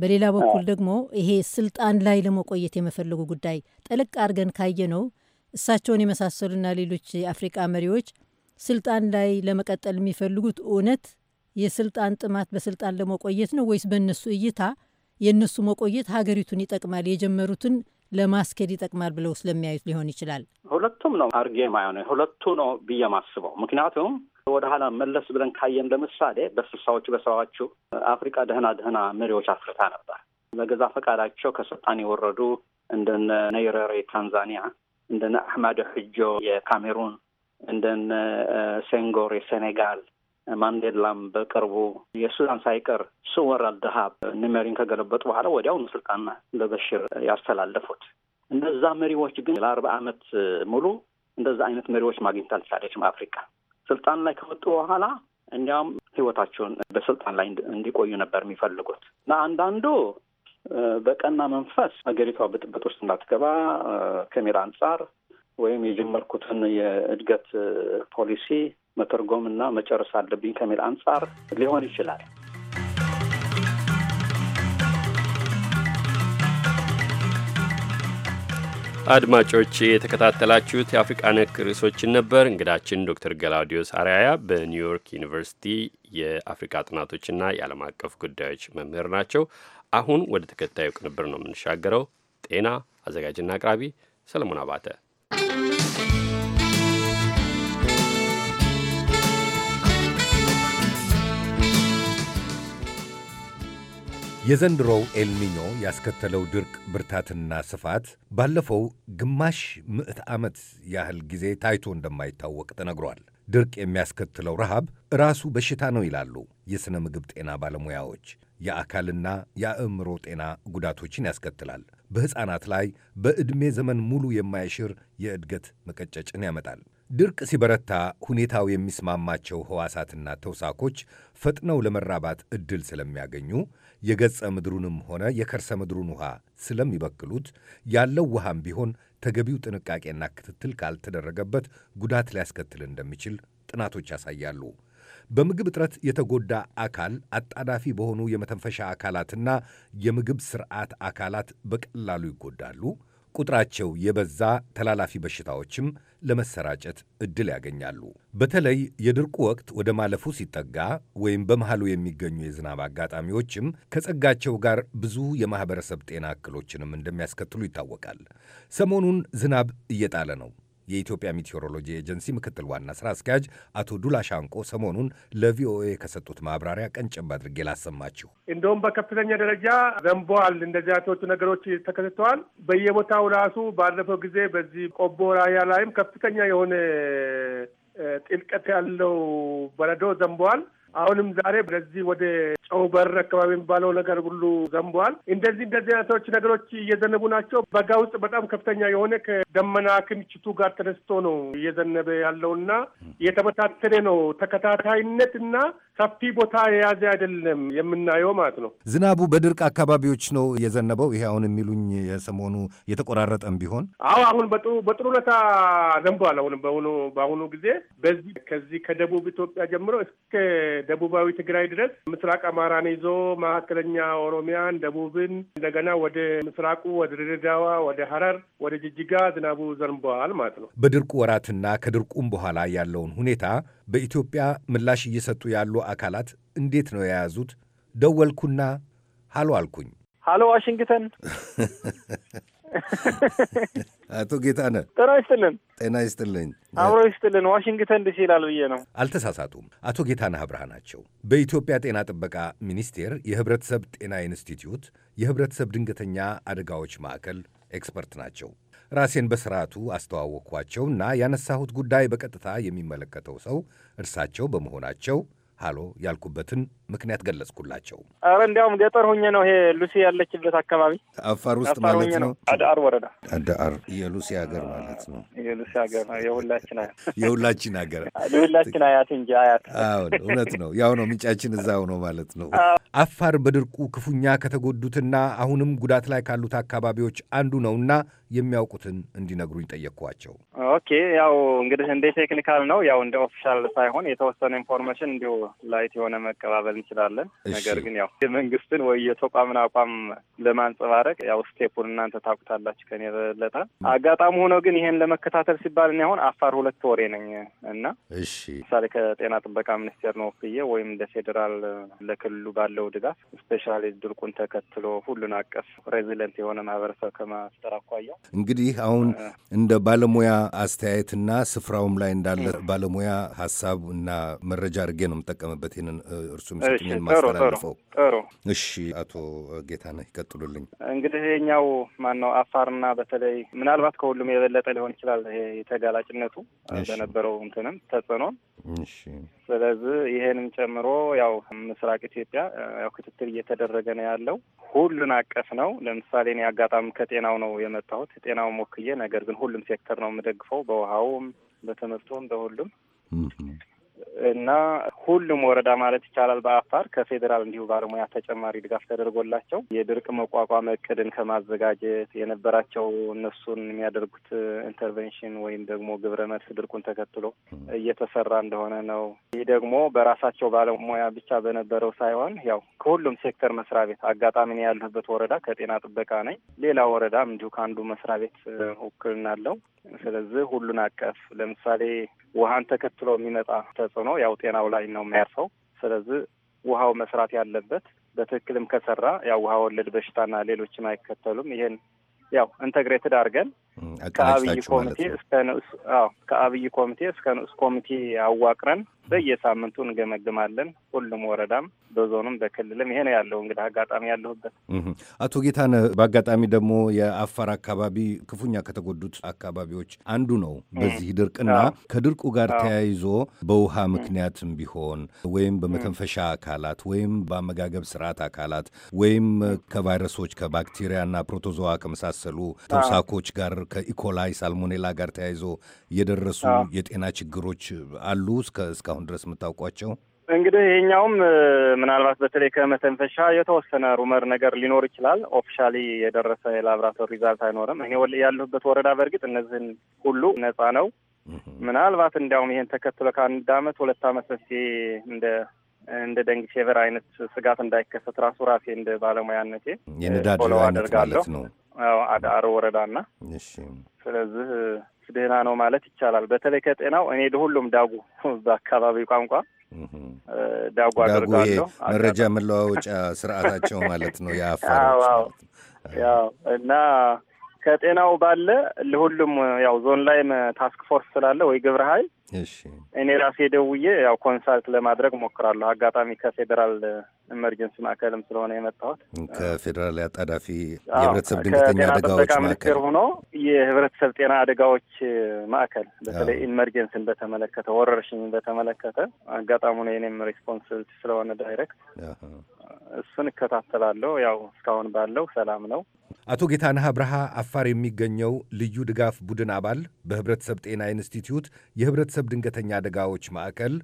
በሌላ በኩል ደግሞ ይሄ ስልጣን ላይ ለመቆየት የመፈለጉ ጉዳይ ጠለቅ አድርገን ካየ ነው እሳቸውን የመሳሰሉና ሌሎች የአፍሪቃ መሪዎች ስልጣን ላይ ለመቀጠል የሚፈልጉት እውነት የስልጣን ጥማት በስልጣን ለመቆየት ነው ወይስ በእነሱ እይታ የእነሱ መቆየት ሀገሪቱን ይጠቅማል፣ የጀመሩትን ለማስኬድ ይጠቅማል ብለው ስለሚያዩት ሊሆን ይችላል። ሁለቱም ነው አርጌ ማየ ሁለቱ ነው ብዬ ማስበው። ምክንያቱም ወደ ኋላ መለስ ብለን ካየን ለምሳሌ በስልሳዎቹ በሰባዎቹ አፍሪቃ ደህና ደህና መሪዎች አፍርታ ነበር። በገዛ ፈቃዳቸው ከስልጣን የወረዱ እንደነ ነይረሬ ታንዛኒያ፣ እንደነ አሕማዶ ሕጆ የካሜሩን፣ እንደነ ሴንጎር የሴኔጋል ማንዴላም በቅርቡ የሱዳን ሳይቀር ስወር አልደሃብ ኒሜሪን ከገለበጡ በኋላ ወዲያውኑ ስልጣን ለበሽር ያስተላለፉት። እነዛ መሪዎች ግን ለአርባ ዓመት ሙሉ እንደዛ አይነት መሪዎች ማግኘት አልቻለችም አፍሪካ። ስልጣን ላይ ከወጡ በኋላ እንዲያውም ህይወታቸውን በስልጣን ላይ እንዲቆዩ ነበር የሚፈልጉት እና አንዳንዱ በቀና መንፈስ ሀገሪቷ ብጥብጥ ውስጥ እንዳትገባ ከሚል አንጻር ወይም የጀመርኩትን የእድገት ፖሊሲ መተርጎምና መጨረስ አለብኝ ከሚል አንጻር ሊሆን ይችላል። አድማጮች የተከታተላችሁት የአፍሪቃ ነክ ርዕሶችን ነበር። እንግዳችን ዶክተር ገላውዲዮስ አርያያ በኒውዮርክ ዩኒቨርሲቲ የአፍሪካ ጥናቶችና የዓለም አቀፍ ጉዳዮች መምህር ናቸው። አሁን ወደ ተከታዩ ቅንብር ነው የምንሻገረው። ጤና አዘጋጅና አቅራቢ ሰለሞን አባተ የዘንድሮው ኤልኒኞ ያስከተለው ድርቅ ብርታትና ስፋት ባለፈው ግማሽ ምዕት ዓመት ያህል ጊዜ ታይቶ እንደማይታወቅ ተነግሯል። ድርቅ የሚያስከትለው ረሃብ ራሱ በሽታ ነው ይላሉ የሥነ ምግብ ጤና ባለሙያዎች። የአካልና የአእምሮ ጤና ጉዳቶችን ያስከትላል። በሕፃናት ላይ በዕድሜ ዘመን ሙሉ የማይሽር የእድገት መቀጨጭን ያመጣል። ድርቅ ሲበረታ ሁኔታው የሚስማማቸው ሕዋሳትና ተውሳኮች ፈጥነው ለመራባት ዕድል ስለሚያገኙ የገጸ ምድሩንም ሆነ የከርሰ ምድሩን ውሃ ስለሚበክሉት ያለው ውሃም ቢሆን ተገቢው ጥንቃቄና ክትትል ካልተደረገበት ጉዳት ሊያስከትል እንደሚችል ጥናቶች ያሳያሉ። በምግብ እጥረት የተጎዳ አካል አጣዳፊ በሆኑ የመተንፈሻ አካላትና የምግብ ስርዓት አካላት በቀላሉ ይጎዳሉ። ቁጥራቸው የበዛ ተላላፊ በሽታዎችም ለመሰራጨት ዕድል ያገኛሉ። በተለይ የድርቁ ወቅት ወደ ማለፉ ሲጠጋ ወይም በመሃሉ የሚገኙ የዝናብ አጋጣሚዎችም ከጸጋቸው ጋር ብዙ የማኅበረሰብ ጤና እክሎችንም እንደሚያስከትሉ ይታወቃል። ሰሞኑን ዝናብ እየጣለ ነው። የኢትዮጵያ ሚቴዎሮሎጂ ኤጀንሲ ምክትል ዋና ስራ አስኪያጅ አቶ ዱላ ሻንቆ ሰሞኑን ለቪኦኤ ከሰጡት ማብራሪያ ቀንጭብ አድርጌ ላሰማችሁ። እንደውም በከፍተኛ ደረጃ ዘንቧል። እንደዚህ አይነቶቹ ነገሮች ተከስተዋል። በየቦታው ራሱ ባለፈው ጊዜ በዚህ ቆቦ ራያ ላይም ከፍተኛ የሆነ ጥልቀት ያለው በረዶ ዘንቧል። አሁንም ዛሬ በዚህ ወደ ጨው በር አካባቢ የሚባለው ነገር ሁሉ ዘንቧል። እንደዚህ እንደዚህ አይነቶች ነገሮች እየዘነቡ ናቸው። በጋ ውስጥ በጣም ከፍተኛ የሆነ ከደመና ክምችቱ ጋር ተነስቶ ነው እየዘነበ ያለውና የተበታተነ ነው። ተከታታይነትና ሰፊ ቦታ የያዘ አይደለም የምናየው ማለት ነው። ዝናቡ በድርቅ አካባቢዎች ነው እየዘነበው። ይሄ አሁን የሚሉኝ የሰሞኑ የተቆራረጠም ቢሆን አዎ፣ አሁን በጥሩ ሁኔታ ዘንቧል። አሁን በአሁኑ በአሁኑ ጊዜ በዚህ ከዚህ ከደቡብ ኢትዮጵያ ጀምሮ እስከ ደቡባዊ ትግራይ ድረስ ምስራቅ አማራን ይዞ መካከለኛ ኦሮሚያን፣ ደቡብን እንደገና ወደ ምስራቁ ወደ ድሬዳዋ፣ ወደ ሀረር ወደ ጅጅጋ ዝናቡ ዘንቧል ማለት ነው። በድርቁ ወራትና ከድርቁም በኋላ ያለውን ሁኔታ በኢትዮጵያ ምላሽ እየሰጡ ያሉ አካላት እንዴት ነው የያዙት? ደወልኩና ሀሎ አልኩኝ። ሀሎ ዋሽንግተን (laughs) (laughs) አቶ ጌታነህ ጤና ይስጥልን። ጤና ይስጥልን፣ አብሮ ይስጥልን። ዋሽንግተን ዲሲ ይላል ብዬ ነው። አልተሳሳቱም። አቶ ጌታነ አብርሃ ናቸው። በኢትዮጵያ ጤና ጥበቃ ሚኒስቴር የህብረተሰብ ጤና ኢንስቲትዩት የህብረተሰብ ድንገተኛ አደጋዎች ማዕከል ኤክስፐርት ናቸው። ራሴን በስርዓቱ አስተዋወቅኳቸውና ያነሳሁት ጉዳይ በቀጥታ የሚመለከተው ሰው እርሳቸው በመሆናቸው ሃሎ ያልኩበትን ምክንያት ገለጽኩላቸው። አረ እንዲያውም ገጠር ሆኜ ነው ይሄ ሉሲ ያለችበት አካባቢ አፋር ውስጥ ማለት ነው። አዳር ወረዳ አዳር የሉሲ ሀገር ማለት ነው። የሉሲ ሀገር ነው። የሁላችን አያት (laughs) የሁላችን ሀገር የሁላችን አያት እንጂ አያት። አዎ እውነት ነው። ያው ነው ምንጫችን እዛው ነው ማለት ነው። አፋር በድርቁ ክፉኛ ከተጎዱትና አሁንም ጉዳት ላይ ካሉት አካባቢዎች አንዱ ነውና የሚያውቁትን እንዲነግሩኝ ጠየቅኳቸው። ኦኬ ያው እንግዲህ እንደ ቴክኒካል ነው ያው እንደ ኦፊሻል ሳይሆን የተወሰነ ኢንፎርሜሽን እንዲሁ ላይት የሆነ መቀባበል እንችላለን። ነገር ግን ያው የመንግስትን ወይ የተቋምን አቋም ለማንጸባረቅ ያው ስቴፑን እናንተ ታውቁታላችሁ ከኔ በለጠ። አጋጣሚ ሆኖ ግን ይሄን ለመከታተል ሲባል እኔ አሁን አፋር ሁለት ወሬ ነኝ እና እሺ፣ ምሳሌ ከጤና ጥበቃ ሚኒስቴር ነው ወክዬ ወይም እንደ ፌዴራል ለክልሉ ባለው ድጋፍ ስፔሻሊ ድርቁን ተከትሎ ሁሉን አቀፍ ሬዚለንት የሆነ ማህበረሰብ ከማስጠር አኳያው እንግዲህ አሁን እንደ ባለሙያ አስተያየትና ስፍራውም ላይ እንዳለ ባለሙያ ሀሳብ እና መረጃ አድርጌ ነው የምጠቀምበት ይህንን እርሱ የማስተላልፈው። እሺ አቶ ጌታነህ ይቀጥሉልኝ። እንግዲህ ማን ማነው አፋርና በተለይ ምናልባት ከሁሉም የበለጠ ሊሆን ይችላል ይሄ የተጋላጭነቱ በነበረው እንትንም ተጽዕኖ። ስለዚህ ይሄንም ጨምሮ ያው ምስራቅ ኢትዮጵያ ያው ክትትል እየተደረገ ነው ያለው። ሁሉን አቀፍ ነው። ለምሳሌ እኔ አጋጣሚ ከጤናው ነው የመጣሁት። ጤናው ሞክዬ ነገር ግን ሁሉም ሴክተር ነው የምደግፈው፣ በውሃውም፣ በትምህርቱም፣ በሁሉም እና ሁሉም ወረዳ ማለት ይቻላል በአፋር ከፌዴራል እንዲሁ ባለሙያ ተጨማሪ ድጋፍ ተደርጎላቸው የድርቅ መቋቋም እቅድን ከማዘጋጀት የነበራቸው እነሱን የሚያደርጉት ኢንተርቬንሽን ወይም ደግሞ ግብረ መልስ ድርቁን ተከትሎ እየተሰራ እንደሆነ ነው። ይህ ደግሞ በራሳቸው ባለሙያ ብቻ በነበረው ሳይሆን ያው ከሁሉም ሴክተር መስሪያ ቤት አጋጣሚ ያለበት ወረዳ ከጤና ጥበቃ ነኝ። ሌላ ወረዳም እንዲሁ ከአንዱ መስሪያ ቤት ውክልና አለው። ስለዚህ ሁሉን አቀፍ ለምሳሌ ውሃን ተከትሎ የሚመጣ ተጽዕኖ ያው ጤናው ላይ ነው የሚያርፈው። ስለዚህ ውሃው መስራት ያለበት በትክክልም ከሰራ ያው ውሃ ወለድ በሽታና ሌሎችም አይከተሉም። ይሄን ያው ኢንተግሬትድ አድርገን ከአብይ ኮሚቴ እስከ ንዑስ ከአብይ ኮሚቴ እስከ ንዑስ ኮሚቴ አዋቅረን በየሳምንቱ እንገመግማለን። ሁሉም ወረዳም በዞንም በክልልም ይሄ ነው ያለው። እንግዲህ አጋጣሚ ያለሁበት አቶ ጌታነ በአጋጣሚ ደግሞ የአፋር አካባቢ ክፉኛ ከተጎዱት አካባቢዎች አንዱ ነው በዚህ ድርቅና ከድርቁ ጋር ተያይዞ በውሃ ምክንያትም ቢሆን ወይም በመተንፈሻ አካላት ወይም በአመጋገብ ስርዓት አካላት ወይም ከቫይረሶች ከባክቴሪያና ፕሮቶዞዋ ከመሳሰሉ ተውሳኮች ጋር ከኢኮላይ ሳልሞኔላ ጋር ተያይዞ የደረሱ የጤና ችግሮች አሉ እስካሁን ድረስ የምታውቋቸው? እንግዲህ ይሄኛውም ምናልባት በተለይ ከመተንፈሻ የተወሰነ ሩመር ነገር ሊኖር ይችላል። ኦፊሻሊ የደረሰ የላብራቶሪ ሪዛልት አይኖርም። እኔ ያለሁበት ወረዳ በእርግጥ እነዚህን ሁሉ ነጻ ነው። ምናልባት እንዲያውም ይሄን ተከትሎ ከአንድ አመት ሁለት አመት በፊት እንደ እንደ ደንግ ፌቨር አይነት ስጋት እንዳይከሰት ራሱ ራሴ እንደ ባለሙያነቴ የነዳጅ አይነት ማለት ነው አዳሮ ወረዳና ስለዚህ ደህና ነው ማለት ይቻላል። በተለይ ከጤናው እኔ ለሁሉም ዳጉ በአካባቢ ቋንቋ ዳጉ አደርጋለሁ። መረጃ መለዋወጫ (laughs) ስርዓታቸው ማለት ነው የአፋሮች ያው እና ከጤናው ባለ ለሁሉም ያው ዞን ላይም ታስክ ፎርስ ስላለ ወይ ግብረ ኃይል እኔ ራሴ ደውዬ ያው ኮንሳልት ለማድረግ ሞክራለሁ። አጋጣሚ ከፌዴራል ኤመርጀንሲ ማዕከልም ስለሆነ የመጣሁት ከፌዴራል አጣዳፊ የህብረተሰብ ድንገተኛ አደጋዎች ማዕከል ሆኖ የህብረተሰብ ጤና አደጋዎች ማዕከል በተለይ ኢመርጀንሲን በተመለከተ ወረርሽኝን በተመለከተ አጋጣሚ ነው የኔም ሬስፖንስብሊቲ ስለሆነ ዳይሬክት እሱን እከታተላለሁ። ያው እስካሁን ባለው ሰላም ነው። አቶ ጌታነህ አብርሃ አፋር የሚገኘው ልዩ ድጋፍ ቡድን አባል በህብረተሰብ ጤና ኢንስቲትዩት የህብረተሰብ ድንገተኛ አደጋዎች ማዕከል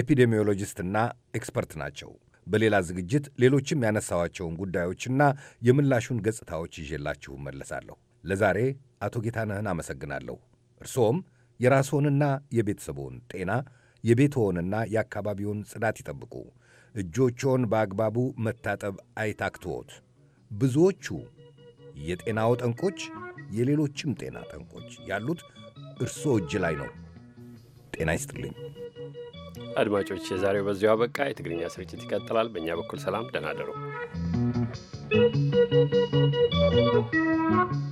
ኤፒዴሚዮሎጂስትና ኤክስፐርት ናቸው። በሌላ ዝግጅት ሌሎችም ያነሳዋቸውን ጉዳዮችና የምላሹን ገጽታዎች ይዤላችሁ መለሳለሁ። ለዛሬ አቶ ጌታነህን አመሰግናለሁ። እርስዎም የራስዎንና የቤተሰቦን ጤና የቤትዎንና የአካባቢውን ጽዳት ይጠብቁ። እጆችዎን በአግባቡ መታጠብ አይታክትዎት። ብዙዎቹ የጤናው ጠንቆች፣ የሌሎችም ጤና ጠንቆች ያሉት እርስዎ እጅ ላይ ነው። ጤና ይስጥልኝ አድማጮች፣ የዛሬው በዚሁ አበቃ። የትግርኛ ስርጭት ይቀጥላል። በእኛ በኩል ሰላም፣ ደህና you.